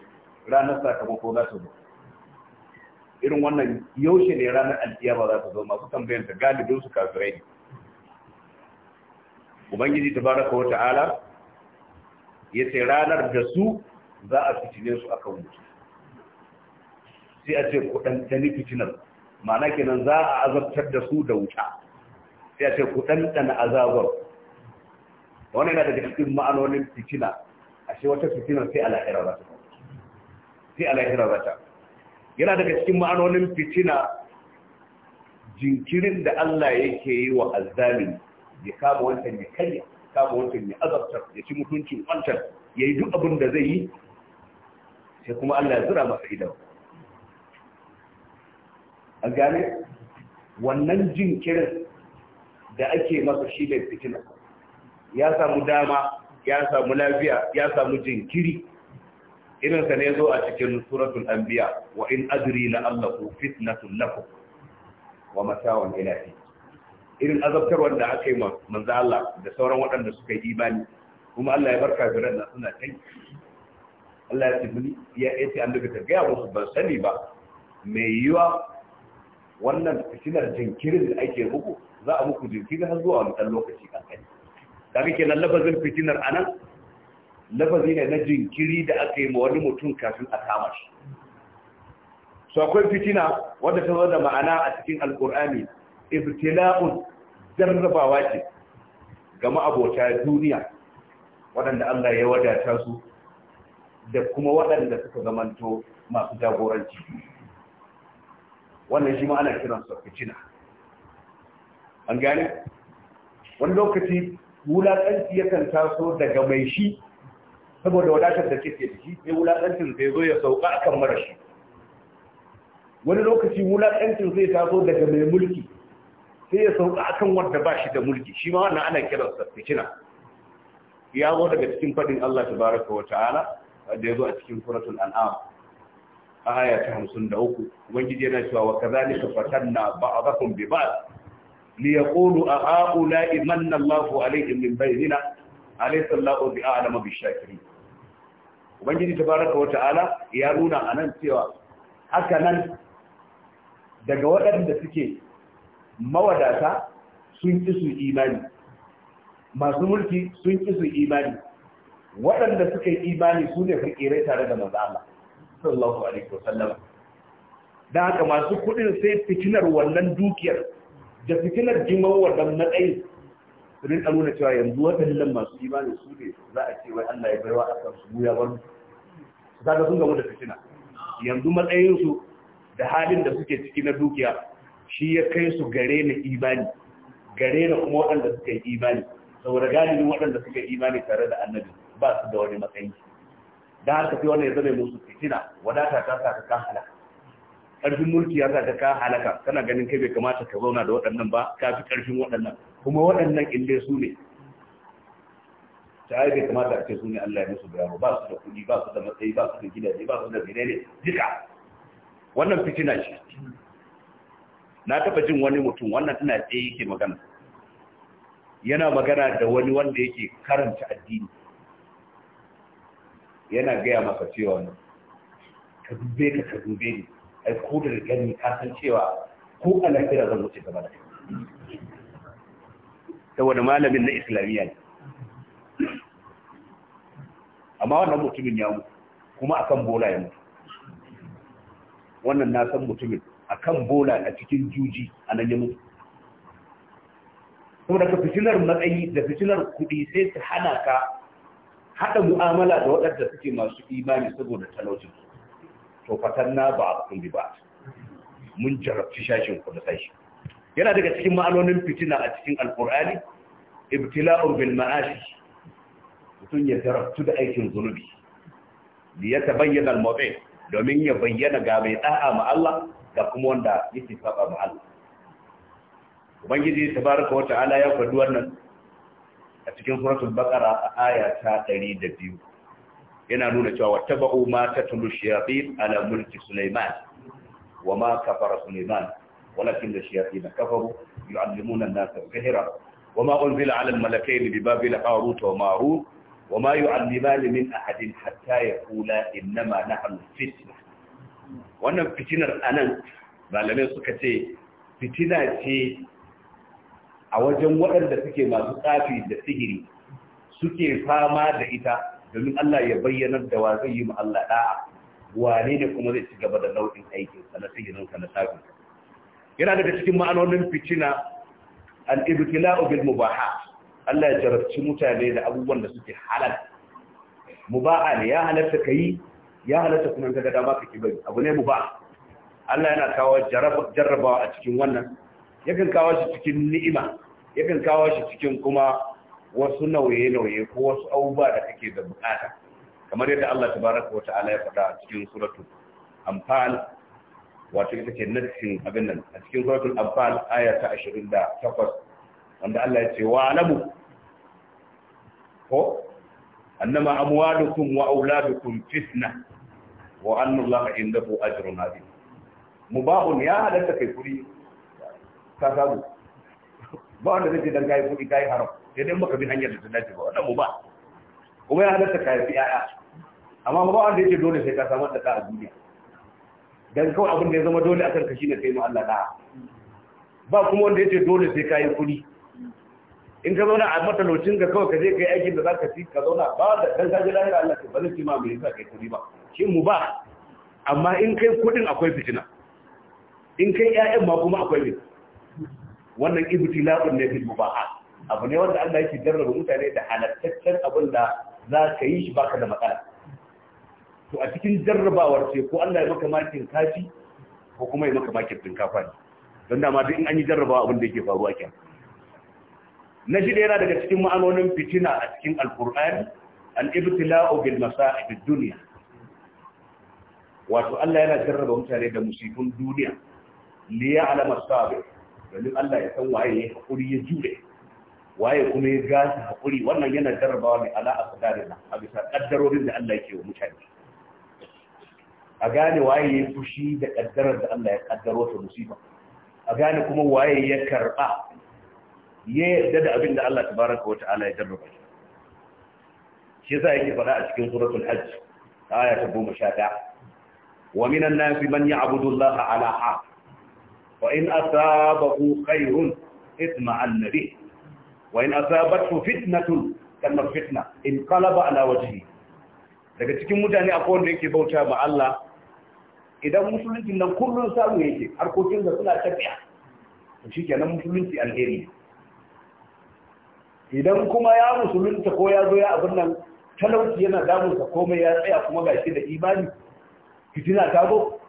ranar sakamako za ta zo irin wannan yaushe ne ranar alkiyama za ta zo masu tambayar da galibin su kafirai ne ubangiji tabaraka wa ta'ala ya ce ranar da su za a fitine su akan mutu sai a ce ku ɗanɗani fitinar ma'ana kenan za a azabtar da su da wuta sai a ce ku ɗanɗana azabar wannan yana daga cikin ma'anonin fitina a ce wata fitinar sai ala'ira za ta sai ala'ira za ta yana daga cikin ma'anonin fitina jinkirin da Allah yake yi wa azzalimi ya kama wancan ya karya kama wancan ya azabtar ya ci mutuncin wancan ya yi duk abin da zai yi sai kuma Allah ya zura masa idan. a gane wannan kirin da ake masa shi da fitina ya samu dama ya samu lafiya ya samu jinkiri irinsa ne zo a cikin suratun anbiya wa in adri Allah allahu fitnatun lafuk wa matawan ilafi. irin azabtarwar da aka yi manzo Allah da sauran waɗanda suka yi imani kuma Allah ya barka da ran suna kai Allah ya tabbini ya an daga ta ga musu ban sani ba mai yiwa wannan fitinar jinkirin da ake muku za a muku jinkiri har zuwa wani dan lokaci kankani kaga nan lafazin fitinar anan lafazi ne na jinkiri da aka yi ma wani mutum kafin a kama shi so akwai fitina wadda ta zo da ma'ana a cikin alkur'ani ibtila'un jarrabawa ce ga ma'abota duniya waɗanda Allah ya wadata su da kuma waɗanda suka zamanto masu jagoranci wannan shi ma ana kiran su fitina an gane wani lokaci wulaƙanci yakan taso daga mai shi saboda wadatar da take da shi sai wulaƙancin zai zo ya sauka akan mara shi wani lokaci wulaƙancin zai taso daga mai mulki sai ya sauka akan wanda ba shi da mulki shi ma wannan ana kiran fitina ya zo daga cikin faɗin Allah tabaraka wa ta'ala da ya zo a cikin suratul an'am aya ta 53 ubangiji yana cewa wa kazalika fatanna ba'dakum bi ba'd li yaqulu a haula imanna Allahu alaihim min bainina alaysa Allahu bi a'lamu bi shakirin ubangiji tabaraka wa ta'ala ya nuna anan cewa haka nan daga waɗanda suke mawadata sun ƙi su imani masu mulki sun ƙi su imani waɗanda suka yi imani su ne fakirai tare da manzo Allah sallallahu alaihi wasallam da haka masu kuɗin sai fitinar wannan dukiyar da fitinar jimawa wannan matsayin su rinka nuna cewa yanzu waɗannan masu imani su ne za a ce wai Allah ya baiwa a kan su ya bar su kaga sun gamu da fitina yanzu matsayinsu da halin da suke ciki na dukiya shi ya kai su gare na imani gare na kuma waɗanda suka yi imani saboda galibin waɗanda suka yi imani tare da annabi ba su da wani matsayi da haka fi wani ya zama musu fitina wadata ta sa ka kan halaka ƙarfin mulki ya sa ka kan halaka kana ganin kai bai kamata ka zauna da waɗannan ba ka fi ƙarfin waɗannan kuma waɗannan inda su ne ta yi bai kamata a ce su ne Allah ya musu bayano ba su da kuɗi ba su da matsayi ba su da gidaje ba su da menene duka wannan fitina ce na taɓa jin wani mutum wannan tana tsaye yake magana yana magana da wani wanda yake karanta addini yana gaya maka cewa ka dube ka ka dube ni ai ko da gani ka san cewa ko a lafiya zan wuce gaba da kai saboda malamin na islamiyya ne amma wannan mutumin ya mutu kuma akan bola ya mutu wannan na san mutumin akan bola a cikin juji a nan ya mutu saboda ka fitilar matsayi da fitilar kuɗi sai su hana ka haɗa mu'amala da waɗanda suke masu imani saboda talaucin to fatan ba a kulli ba mun jarabci shashin ku da sashi yana daga cikin ma'anonin fitina a cikin alkur'ani ibtila'un bil ma'ashi mutum ya jarabtu da aikin zunubi li ya al-mawdi domin ya bayyana ga mai da'a ma Allah da kuma wanda yake saba ma Allah ubangiji tabaraka wa ta'ala ya faɗi wannan a cikin suratul baqara a aya ta 102 yana nuna cewa wattaba'u ma tatlu shayatin ala mulki sulaiman wama kafara sulaiman walakin ash-shayatin kafaru yu'allimuna an-nasa sihra wama unzila ala al-malakaini bi babil harut wa marut وما يعلمان من أحد حتى يقولا إنما نحن فتنة wannan fitinar anan malamai suka ce fitina ce a wajen waɗanda suke masu tsafi da sihiri suke fama da ita domin Allah ya bayyanar da wa zai yi mu Allah da'a wane ne kuma zai ci gaba da nau'in aikin sa na sihirin sa na tsafi yana daga cikin ma'anonin fitina al-ibtila'u bil mubaha Allah ya jarabci mutane da abubuwan da suke halal mubaha ne ya halatta ka yi ya halatta kuma ka ga dama ka ki bari abu ne mubaha Allah yana kawo jarrabawa a cikin wannan yakan kawo shi cikin ni'ima yakan kawo shi cikin kuma wasu nauye-nauye ko wasu abubuwa da kake da bukata kamar yadda Allah tabaraka wa ta'ala ya faɗa a cikin suratul anfal wato ita ce nafsin abin nan a cikin suratul anfal aya ta 28 wanda Allah ya ce wa alamu ko annama amwalukum wa auladukum fitna wa anna indahu ajrun azim mubahun ya halatta kai kuri ka samu ba wanda zai ce dan kayi kuɗi kayi haram sai dai maka bi hanyar da ta dace ba wannan mu ba kuma ya halatta ka yafi yaya amma ba wanda yake dole sai ka samar da ta a duniya dan kawai abin da ya zama dole akan ka shine kai mu Allah da ba kuma wanda yake dole sai kayi kuɗi in ka zauna a matalocin ka kawai ka je kai aikin da zaka ci ka zauna ba da dan ka ji lahira Allah ka bazai ci ma mai yasa kai kuɗi ba shi mu ba amma in kai kuɗin akwai fitina in kai ƴaƴan ma kuma akwai fitina wannan ibtila'un ne bil mubahat abu ne wanda Allah yake jarraba mutane da halattaccen abin da za ka yi shi baka da matsala to a cikin jarrabawar ce ko Allah ya maka makin kafi ko kuma ya maka makin tinkafa ne don dama duk in an yi jarrabawa abin da yake faruwa kenan na da yana daga cikin ma'anonin fitina a cikin alkur'ani al-ibtila'u bil masa'ib ad-dunya wato Allah yana jarraba mutane da musibin duniya li ya'lama sabir domin Allah ya san waye ya hakuri ya jure waye kuma ya gashi haƙuri? wannan yana jarrabawa mai ala a sadarina a bisa kaddarorin da Allah yake wa mutane a gane waye ya fushi da kaddarar da Allah ya kaddaro ta musiba a gane kuma waye ya karɓa ya yarda da abin da Allah tabaraka wa ta'ala ya jarraba shi shi yasa yake faɗa a cikin suratul hajj aya ta 11 wa minan nasi man ya'budu Allah ala haq wa in asabahu khairun itma'anna bih wa in asabathu fitnatun kalmar fitna in qalaba ala wajhi daga cikin mutane akwai wanda yake bauta ma Allah idan musulunci nan kullun samu yake harkokin da suna tafiya to shikenan musulunci alheri idan kuma ya musulunta ko ya zo ya abin nan talauci yana damunsa komai ya tsaya kuma gashi da imani fitina ta zo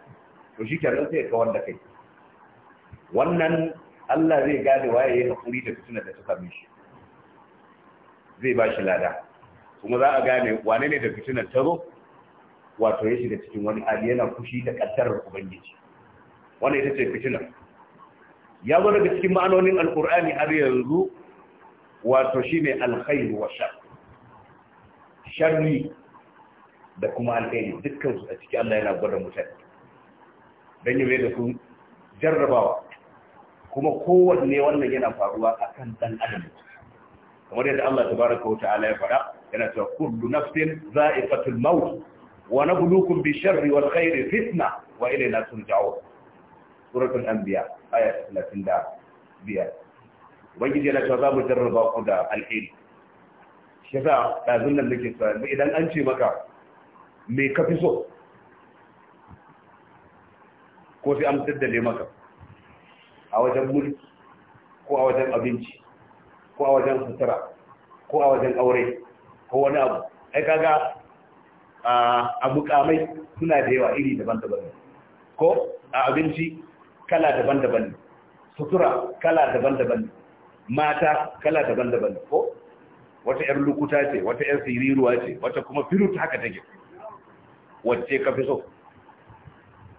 to shikenan sai ka wanda kai wannan Allah zai gane waye ya hakuri da fitinar da suka mishi zai ba shi lada kuma za a gane wane ne da fitinar ta zo wato ya shiga cikin wani hali yana fushi da kaddarar ubangiji wannan ita ce fitinar ya zo daga cikin ma'anonin alkur'ani har yanzu wato shine alkhairu wa shar sharri da kuma alkhairi dukkan su a cikin Allah yana gwada mutane dan yi da su jarrabawa kuma kowanne wannan yana faruwa a kan ɗan adam kamar yadda Allah tabaraka wa ta'ala ya faɗa yana cewa kullu nafsin za'iqatul maut wa nabluukum bi sharri wal khairi fitna wa ilayna turja'un suratul anbiya aya 35 ubangiji yana cewa za mu jarraba ku da alheri shi yasa ɗazun nan nake sa idan an ce maka me ka fi so ko sai an daddale maka a wajen mulki ko a wajen abinci ko a wajen sutura ko a wajen aure ko wani abu ai kaga a mukamai suna da yawa iri daban-daban ko a abinci kala daban-daban sutura kala daban-daban mata kala daban-daban ko wata 'yar lukuta ce wata 'yar siriruwa ce wata kuma firut haka take wacce ka fi so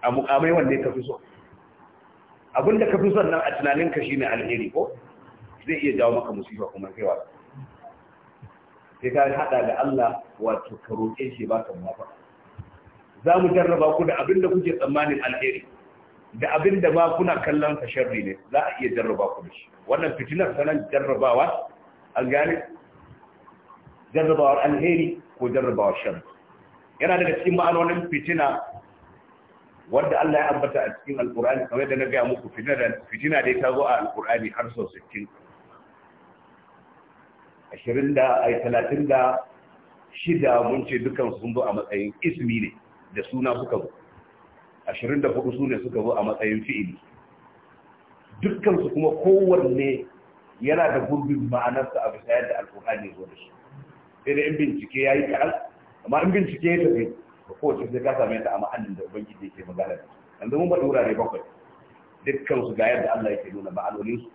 a mukamai wanne ka fi so abinda ka fi son nan a tunaninka shi ne alheri ko zai iya jawo maka musifa kuma sai wa sai ka haɗa da Allah wato ka roƙe shi ba ka mafa za mu jarraba ku da abinda kuke tsammanin alheri da abinda ba kuna kallon ka sharri ne za a iya jarraba ku da shi wannan fitinar sanan jarrabawa an gane jarrabawar alheri ko jarrabawar sharri yana daga cikin ma'anonin fitina wanda Allah ya ambata a cikin alkur'ani kamar yadda na gaya muku fitina da ta zo a alkur'ani har sau 60 ashirin da ai talatin da shida mun ce dukan sun zo a matsayin ismi ne da suna suka zo ashirin da hudu su ne suka zo a matsayin fi'ili dukkan su kuma kowanne yana da gurbin ma'anarsa a bisa yadda alkur'ani zo da shi sai da in bincike ya yi amma in bincike ya tafi ba kowace sai ka same ta a ma'anin da ubangiji yake magana da yanzu mun faɗi wurare bakwai dukkan su ga yadda Allah yake nuna ma'anonin su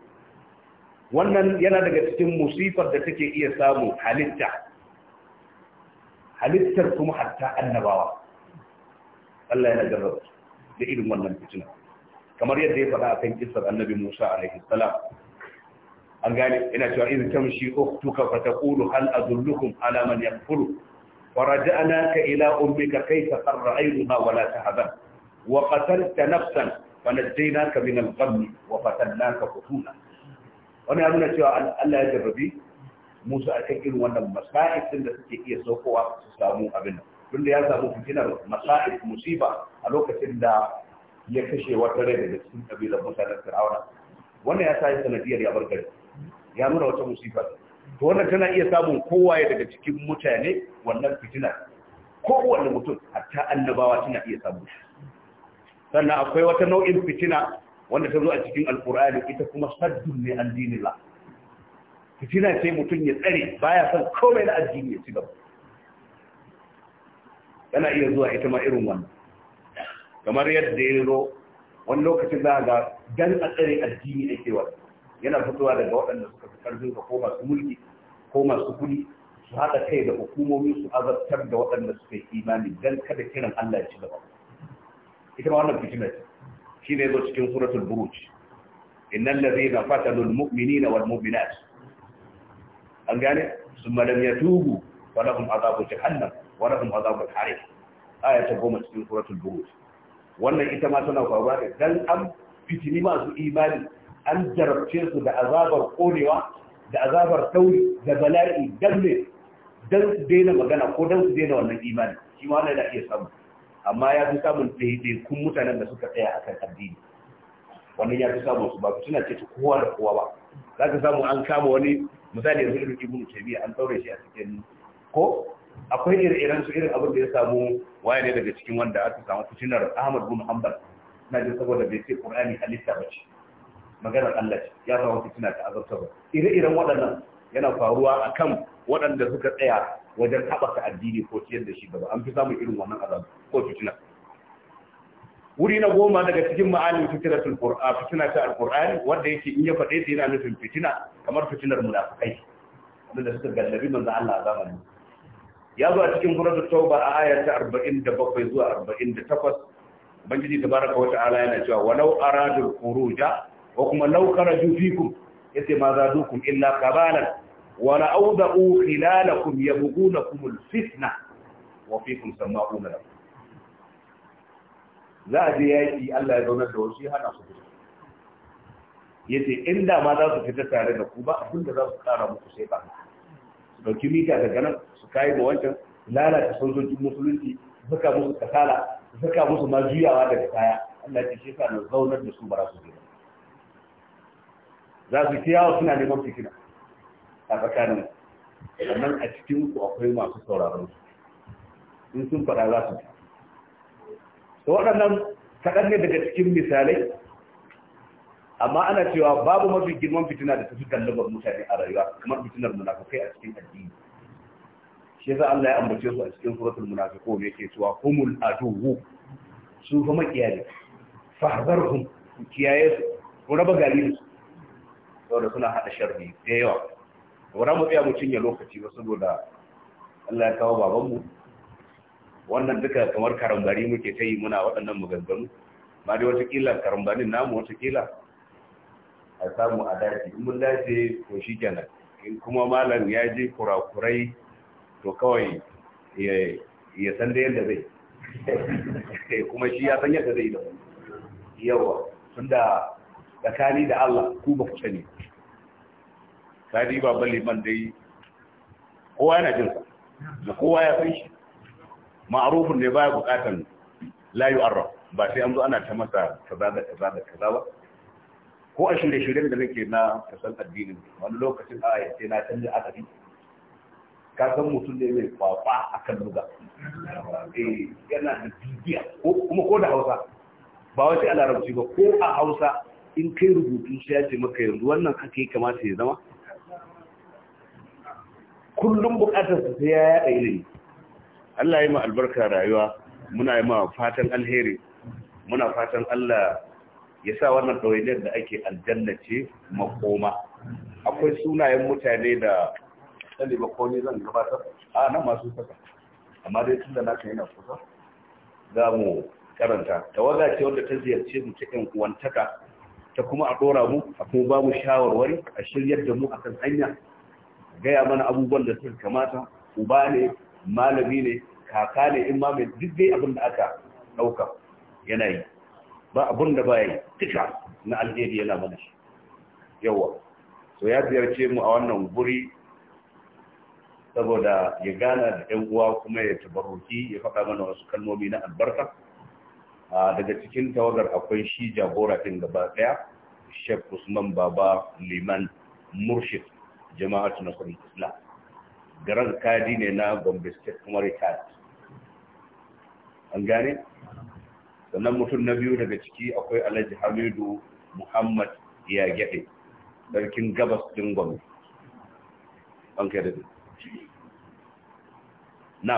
wannan yana daga cikin musifar da take iya samu halitta halittar kuma hatta annabawa Allah yana jarraba da irin wannan fitina kamar yadda ya faɗa akan kissar annabi Musa alaihi salam an gane ina cewa in tamshi ukhtuka fa taqulu hal adullukum ala man yakfuru ورجعناك إلى أمك كيف قر عينها ولا تهبن وقتلت نفسا فنجيناك من الغم وقتلناك فتونا wani ya nuna cewa Allah ya jarrabi Musa a kan irin wannan masa'id din da suke iya saukowa su samu abin tun da ya samu fitinar masa'id musiba a lokacin da ya kashe wata rai daga cikin kabilar mutanen Fir'auna wannan ya sa sanadiyar ya bar gari ya nuna wata musiba to wannan tana iya samun kowaye daga cikin mutane wannan fitina wani mutum hatta annabawa tana iya samun sannan akwai wata nau'in fitina wanda ta zo a cikin alkur'ani ita kuma saddun ne an dinila fitina sai mutum ya tsare baya son komai na addini ya ci gaba Tana iya zuwa ita ma irin wannan kamar yadda ya zo wani lokacin za ga dan a tsare addini ake wa yana fitowa daga waɗanda suka fi karfin ka ko masu mulki ko masu kuɗi su haɗa kai da hukumomi su azabtar da waɗanda suka yi imani don kada kiran Allah ya ci gaba ita ma wannan fitinar shi ne zo cikin suratul buruj innal ladhina fatalu almu'minina wal mu'minat an gane summa lam yatubu falahum adhabu jahannam wa lahum adhabu al-harib aya ta goma cikin suratul buruj wannan ita ma tana faruwa ne dan an fitini masu imani an jarabce su da azabar konewa da azabar tauri da bala'i dalle dan su daina magana ko dan su daina wannan imani shi ma wannan yana iya samu amma ya fi samun kun mutanen da suka tsaya akan addini wannan ya fi samun su ba ku suna ce kowa da kowa ba za ka samu an kama wani misali yanzu irin ibnu tabiya an daure shi a cikin ko akwai ire-iren su irin abin da ya samu waye ne daga cikin wanda aka samu fitinar Ahmad bin Hanbal na jin saboda bai ce Qur'ani halitta ba ce maganar Allah ya zama wasu ta azabtarwa ire-iren waɗannan yana faruwa a kan waɗanda suka tsaya wajen haɓaka addini ko ciyar da shi gaba an fi samun irin wannan azab ko fitina wuri na goma daga cikin ma'anin fitinatul qur'an fitina ta alƙur'ani wanda yake in ya faɗe ta yana nufin fitina kamar fitinar munafikai wanda suka gallabi manzo Allah a zamanin ya zo a cikin suratul tauba a ayar ta 47 zuwa 48 ubangiji tabaraka wa ta'ala yana cewa walau aradul khuruja wa kuma law kharaju ya ce ma dukun illa Wani qabalan kun ya bugu na kuma fitna wa fikum na lakum za a je ya yaki Allah ya zaunar da wasu ya hana su fita ce inda ma za su fita tare da ku ba abinda za su kara muku sai ba su dauki mita daga nan su kai ga wancan lalata sojojin musulunci suka musu kasala suka musu ma juyawa daga kaya Allah ya ce shi ka zaunar da su ba za su fita za su ci yawo suna neman fitina a tsakanin sannan a cikin ku akwai masu sauraron su in sun faɗa za su ci to waɗannan kaɗan ne daga cikin misalai amma ana cewa babu mafi girman fitina da tafi gallabar mutane a rayuwa kamar fitinar munafukai a cikin addini shi yasa Allah ya ambace su a cikin suratul munafiqun yake cewa humul aduwu su fa makiyaye fa fahzarhum kiyaye su ku raba gari su saboda suna hada sharri da yawa za mu biya mu cinye lokaci ba saboda Allah ya kawo babanmu wannan duka kamar karambari muke ta yi muna waɗannan maganganu ma dai watakila karambarin namu watakila a samu a dace in mun dace ko shi kenan in kuma malam ya je kurakurai to kawai ya san da yadda zai kuma shi ya san yadda zai da yawa tunda tsakani da Allah ku ba ku sani kadi ba balle man dai kowa yana jin ku, da kowa ya san shi ma'arufin ne baya bukatan la yu'arraf ba sai an zo ana ta masa kaza da kaza da kaza ba ko a shirye shirye da nake na kasan addinin wani lokacin a yace na canza akari ka san mutum ne mai kwafa akan luga eh yana da bibiya kuma ko da Hausa ba wai a larabci ba ko a Hausa in kai rubutu sai ya ce maka yanzu wannan haka yi kamata ya zama kullum su sai ya yada ilimi Allah ya ma albarka rayuwa muna yi ma fatan alheri muna fatan Allah ya sa wannan ɗawainiyar da ake aljannace makoma akwai sunayen mutane da tsali makoni zan gabatar a nan masu saka amma dai tun da na kan yana kusa za mu karanta tawaga ce wanda ta ziyarce mu cikin uwantaka ta kuma a ɗora mu a kuma ba mu shawarwari a shiryar da mu akan hanya gaya mana abubuwan da suka kamata uba ne malami ne kaka ne in ma mai duk dai abin da aka ɗauka yana yi ba abin da ba yi na alheri yana mana shi yawa to ya ziyarce mu a wannan guri saboda ya gana da 'yan uwa kuma ya tabarruki ya faɗa mana wasu kalmomi na albarka daga cikin tawagar akwai shi jagora din gaba daya Sheikh Usman Baba Liman Murshid jama'atu na kudin Islam garan kadi ne na Gombe State kuma retired an gane sannan mutum na biyu daga ciki akwai Alhaji Hamidu Muhammad ya gade sarkin gabas din Gombe an kai da na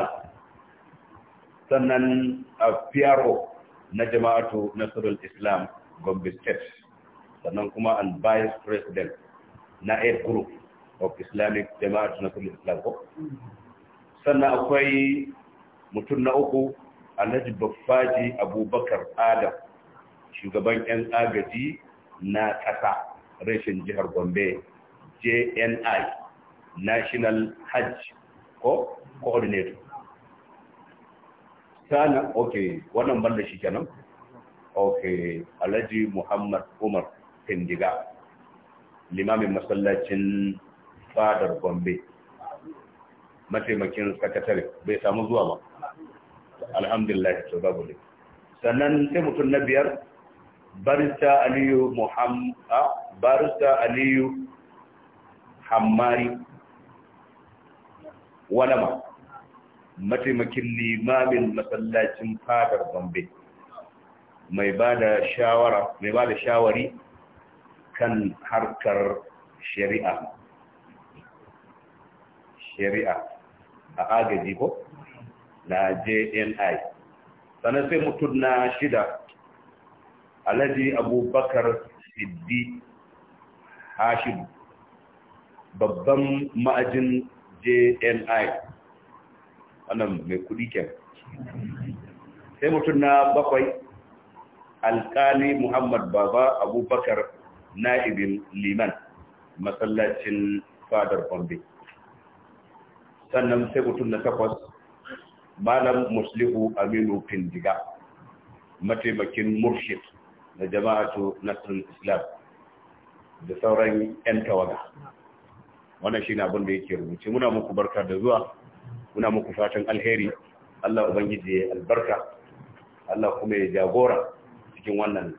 sannan a PRO na jama'atu nasarar islam gombe state sannan kuma an vice president na a group of islamic jama'atu nasarar islam ko sannan akwai mutum na uku alhaji baffaji abubakar adam shugaban yan agaji na ƙasa rashin jihar gombe jni national hajj ko coordinator kana okay wannan banda shi kenan okay alhaji muhammad umar tindiga limamin masallacin fadar gombe mataimakin sakatare bai samu zuwa ba alhamdulillah to babu ne sannan sai mutum na biyar barista aliyu muhammad barista aliyu hammari walama mataimakin limamin masallacin fadar Bambe, mai ba mai ba shawari kan harkar shari'a shari'a a agaji ko na JNI sannan sai mutum na shida alhaji abubakar siddi hashim babban ma'ajin JNI wannan mai kudi ke sai mutum na bakwai alkali muhammad baba abubakar na'ibin liman masallacin fadar bombe sannan sai mutum na takwas malam muslihu aminu pindiga mataimakin murshid na jama'atu nasirin islam da sauran 'yan tawaga wannan shi ne abin da yake rubuce muna muku barka da zuwa muna muku fatan alheri Allah ubangiji ya albarka Allah kuma ya jagora cikin wannan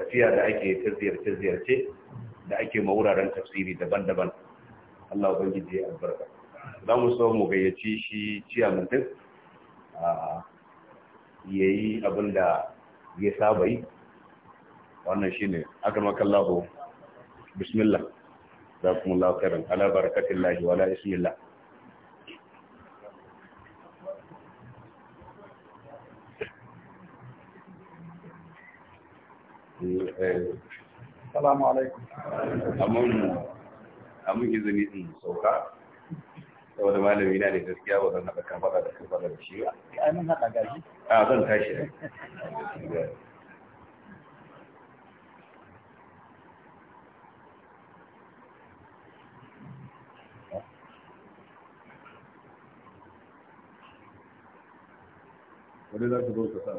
tafiya da ake ta ziyarce ziyarce da ake ma wuraren tafsiri daban-daban Allah ubangiji ya albarka za mu so mu gayyaci shi ciyaman din ya yi abin da ya saba yi wannan shi ne akarmakallahu bismillah za kuma lafiyar ala barakatun lahi wala ismillah salamu alaikum amin izini in sauka saboda malami na ne gaskiya ba zan haɗa da da shi ba ai a zan tashi wani za zo ka sa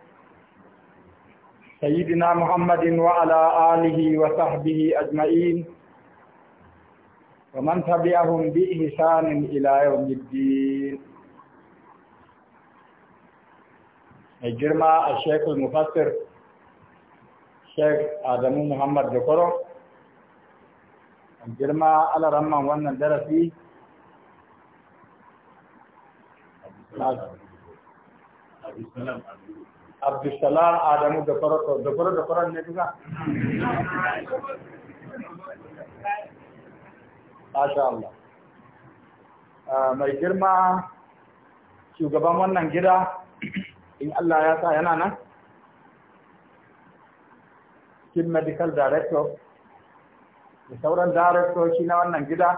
سيدنا محمد وعلى آله وصحبه أجمعين ومن تبعهم بإحسان إلى يوم الدين الجرمى الشيخ المفسر الشيخ آدم محمد ذكره الجرمى على رمى وانا درسي السلام عليكم abdulsalam adamu da farko da farko da farko ne duka Masha Allah. Ah, mai girma shugaban wannan gida in Allah ya sa yana nan? Chief Medical Director da sauran daraktoci na wannan gida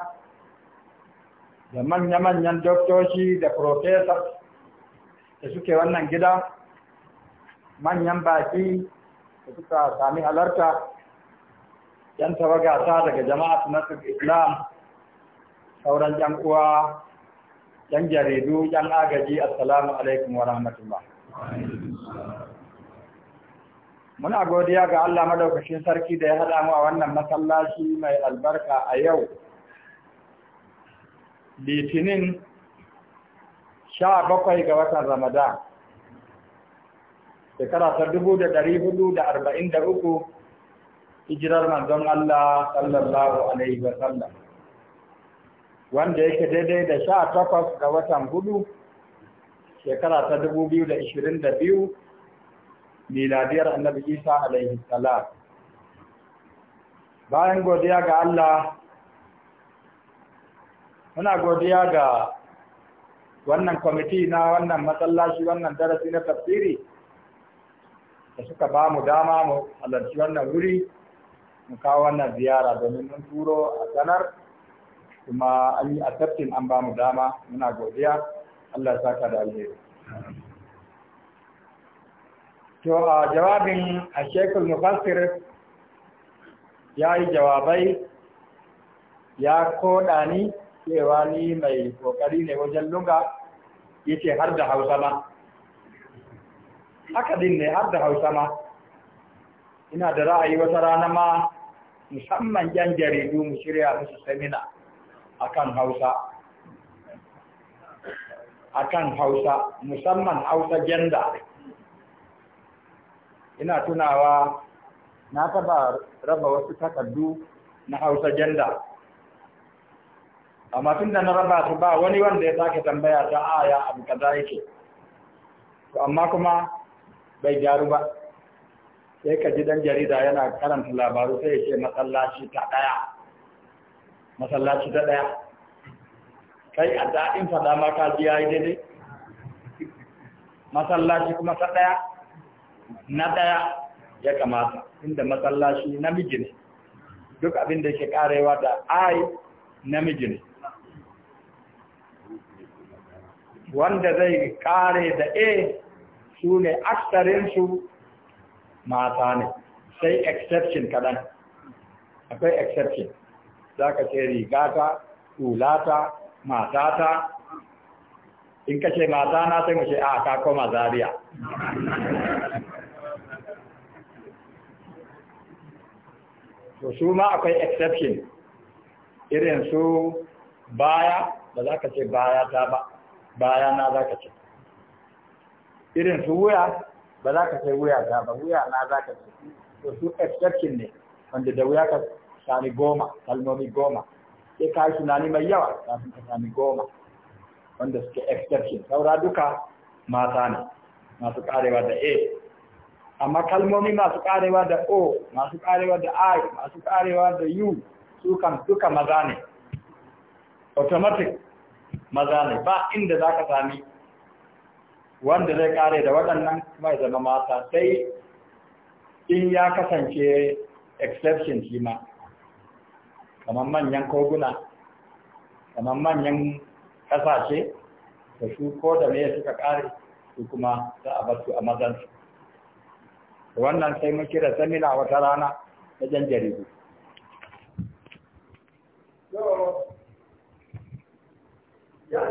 da manya-manyan doktoci da professors da suke wannan gida manyan baki da suka sami halarta yan tawaga ta daga jama'atu nasir islam sauran yan uwa yan jaridu yan agaji assalamu alaikum wa rahmatullah muna godiya ga Allah madaukakin sarki da ya haɗa mu a wannan masallaci mai albarka a yau litinin sha bakwai ga watan ramadan shekara ta dubu da ɗari hudu da arba'in da uku hijirar manzon Allah sallallahu alaihi wa sallam wanda yake daidai da sha takwas ga watan hudu shekara ta dubu biyu da ishirin da biyu miladiyar annabi isa alaihi salam bayan godiya ga Allah muna godiya ga wannan kwamiti na wannan matsalashi wannan darasi na tafsiri da suka ba mu dama mu halarci wannan wuri mu kawo wannan ziyara domin mun turo a sanar kuma an yi asabtin an ba mu dama muna godiya Allah saka da alheri to a jawabin a shekul mufassir ya yi jawabai ya koda ni cewa ni mai kokari ne wajen lunga yace har da hausa ma haka din ne har da hausa ma ina da ra'ayi wata rana ma musamman yan jaridu mu shirya musu samina akan hausa akan hausa musamman hausa janda ina tunawa na taba raba wasu takardu na hausa janda amma tun da na raba su ba wani wanda ya sake tambaya ta aya abu kaza yake to amma kuma bai gyaru ba sai ka ji dan jarida yana karanta labaru sai ya ce masallaci ta ɗaya masallaci ta ɗaya kai a daɗin faɗa ma ka ji yayi daidai masallaci kuma ta ɗaya na ɗaya ya kamata inda masallaci namiji ne duk abin da ke karewa da ai namiji ne wanda zai kare da a su ne aksarinsu mata ne sai exception kaɗan akwai exception za ka ce rigata hulata matata in ka ce mata na sai mu ce a ah, ka koma zariya to su ma akwai exception irin su baya ba za ka ce baya ta ba baya na za ka ce irin su wuya ba za ka sai wuya za ba wuya na za ka sai to su exception ne wanda da wuya ka sami goma kalmomi goma sai ka yi tunani mai yawa kafin ka sami goma wanda suke exception saura duka mata ne masu karewa da a amma kalmomi masu karewa da o masu karewa da i masu karewa da u su kan duka maza ne automatic maza ne ba inda za ka sami wanda zai kare da waɗannan mai zama mata sai in ya kasance exception shi ma kamar manyan koguna kamar manyan ƙasashe da su ko da me suka kare su kuma za a bar a mazansu wannan sai mun kira samina wata rana jan jaridu.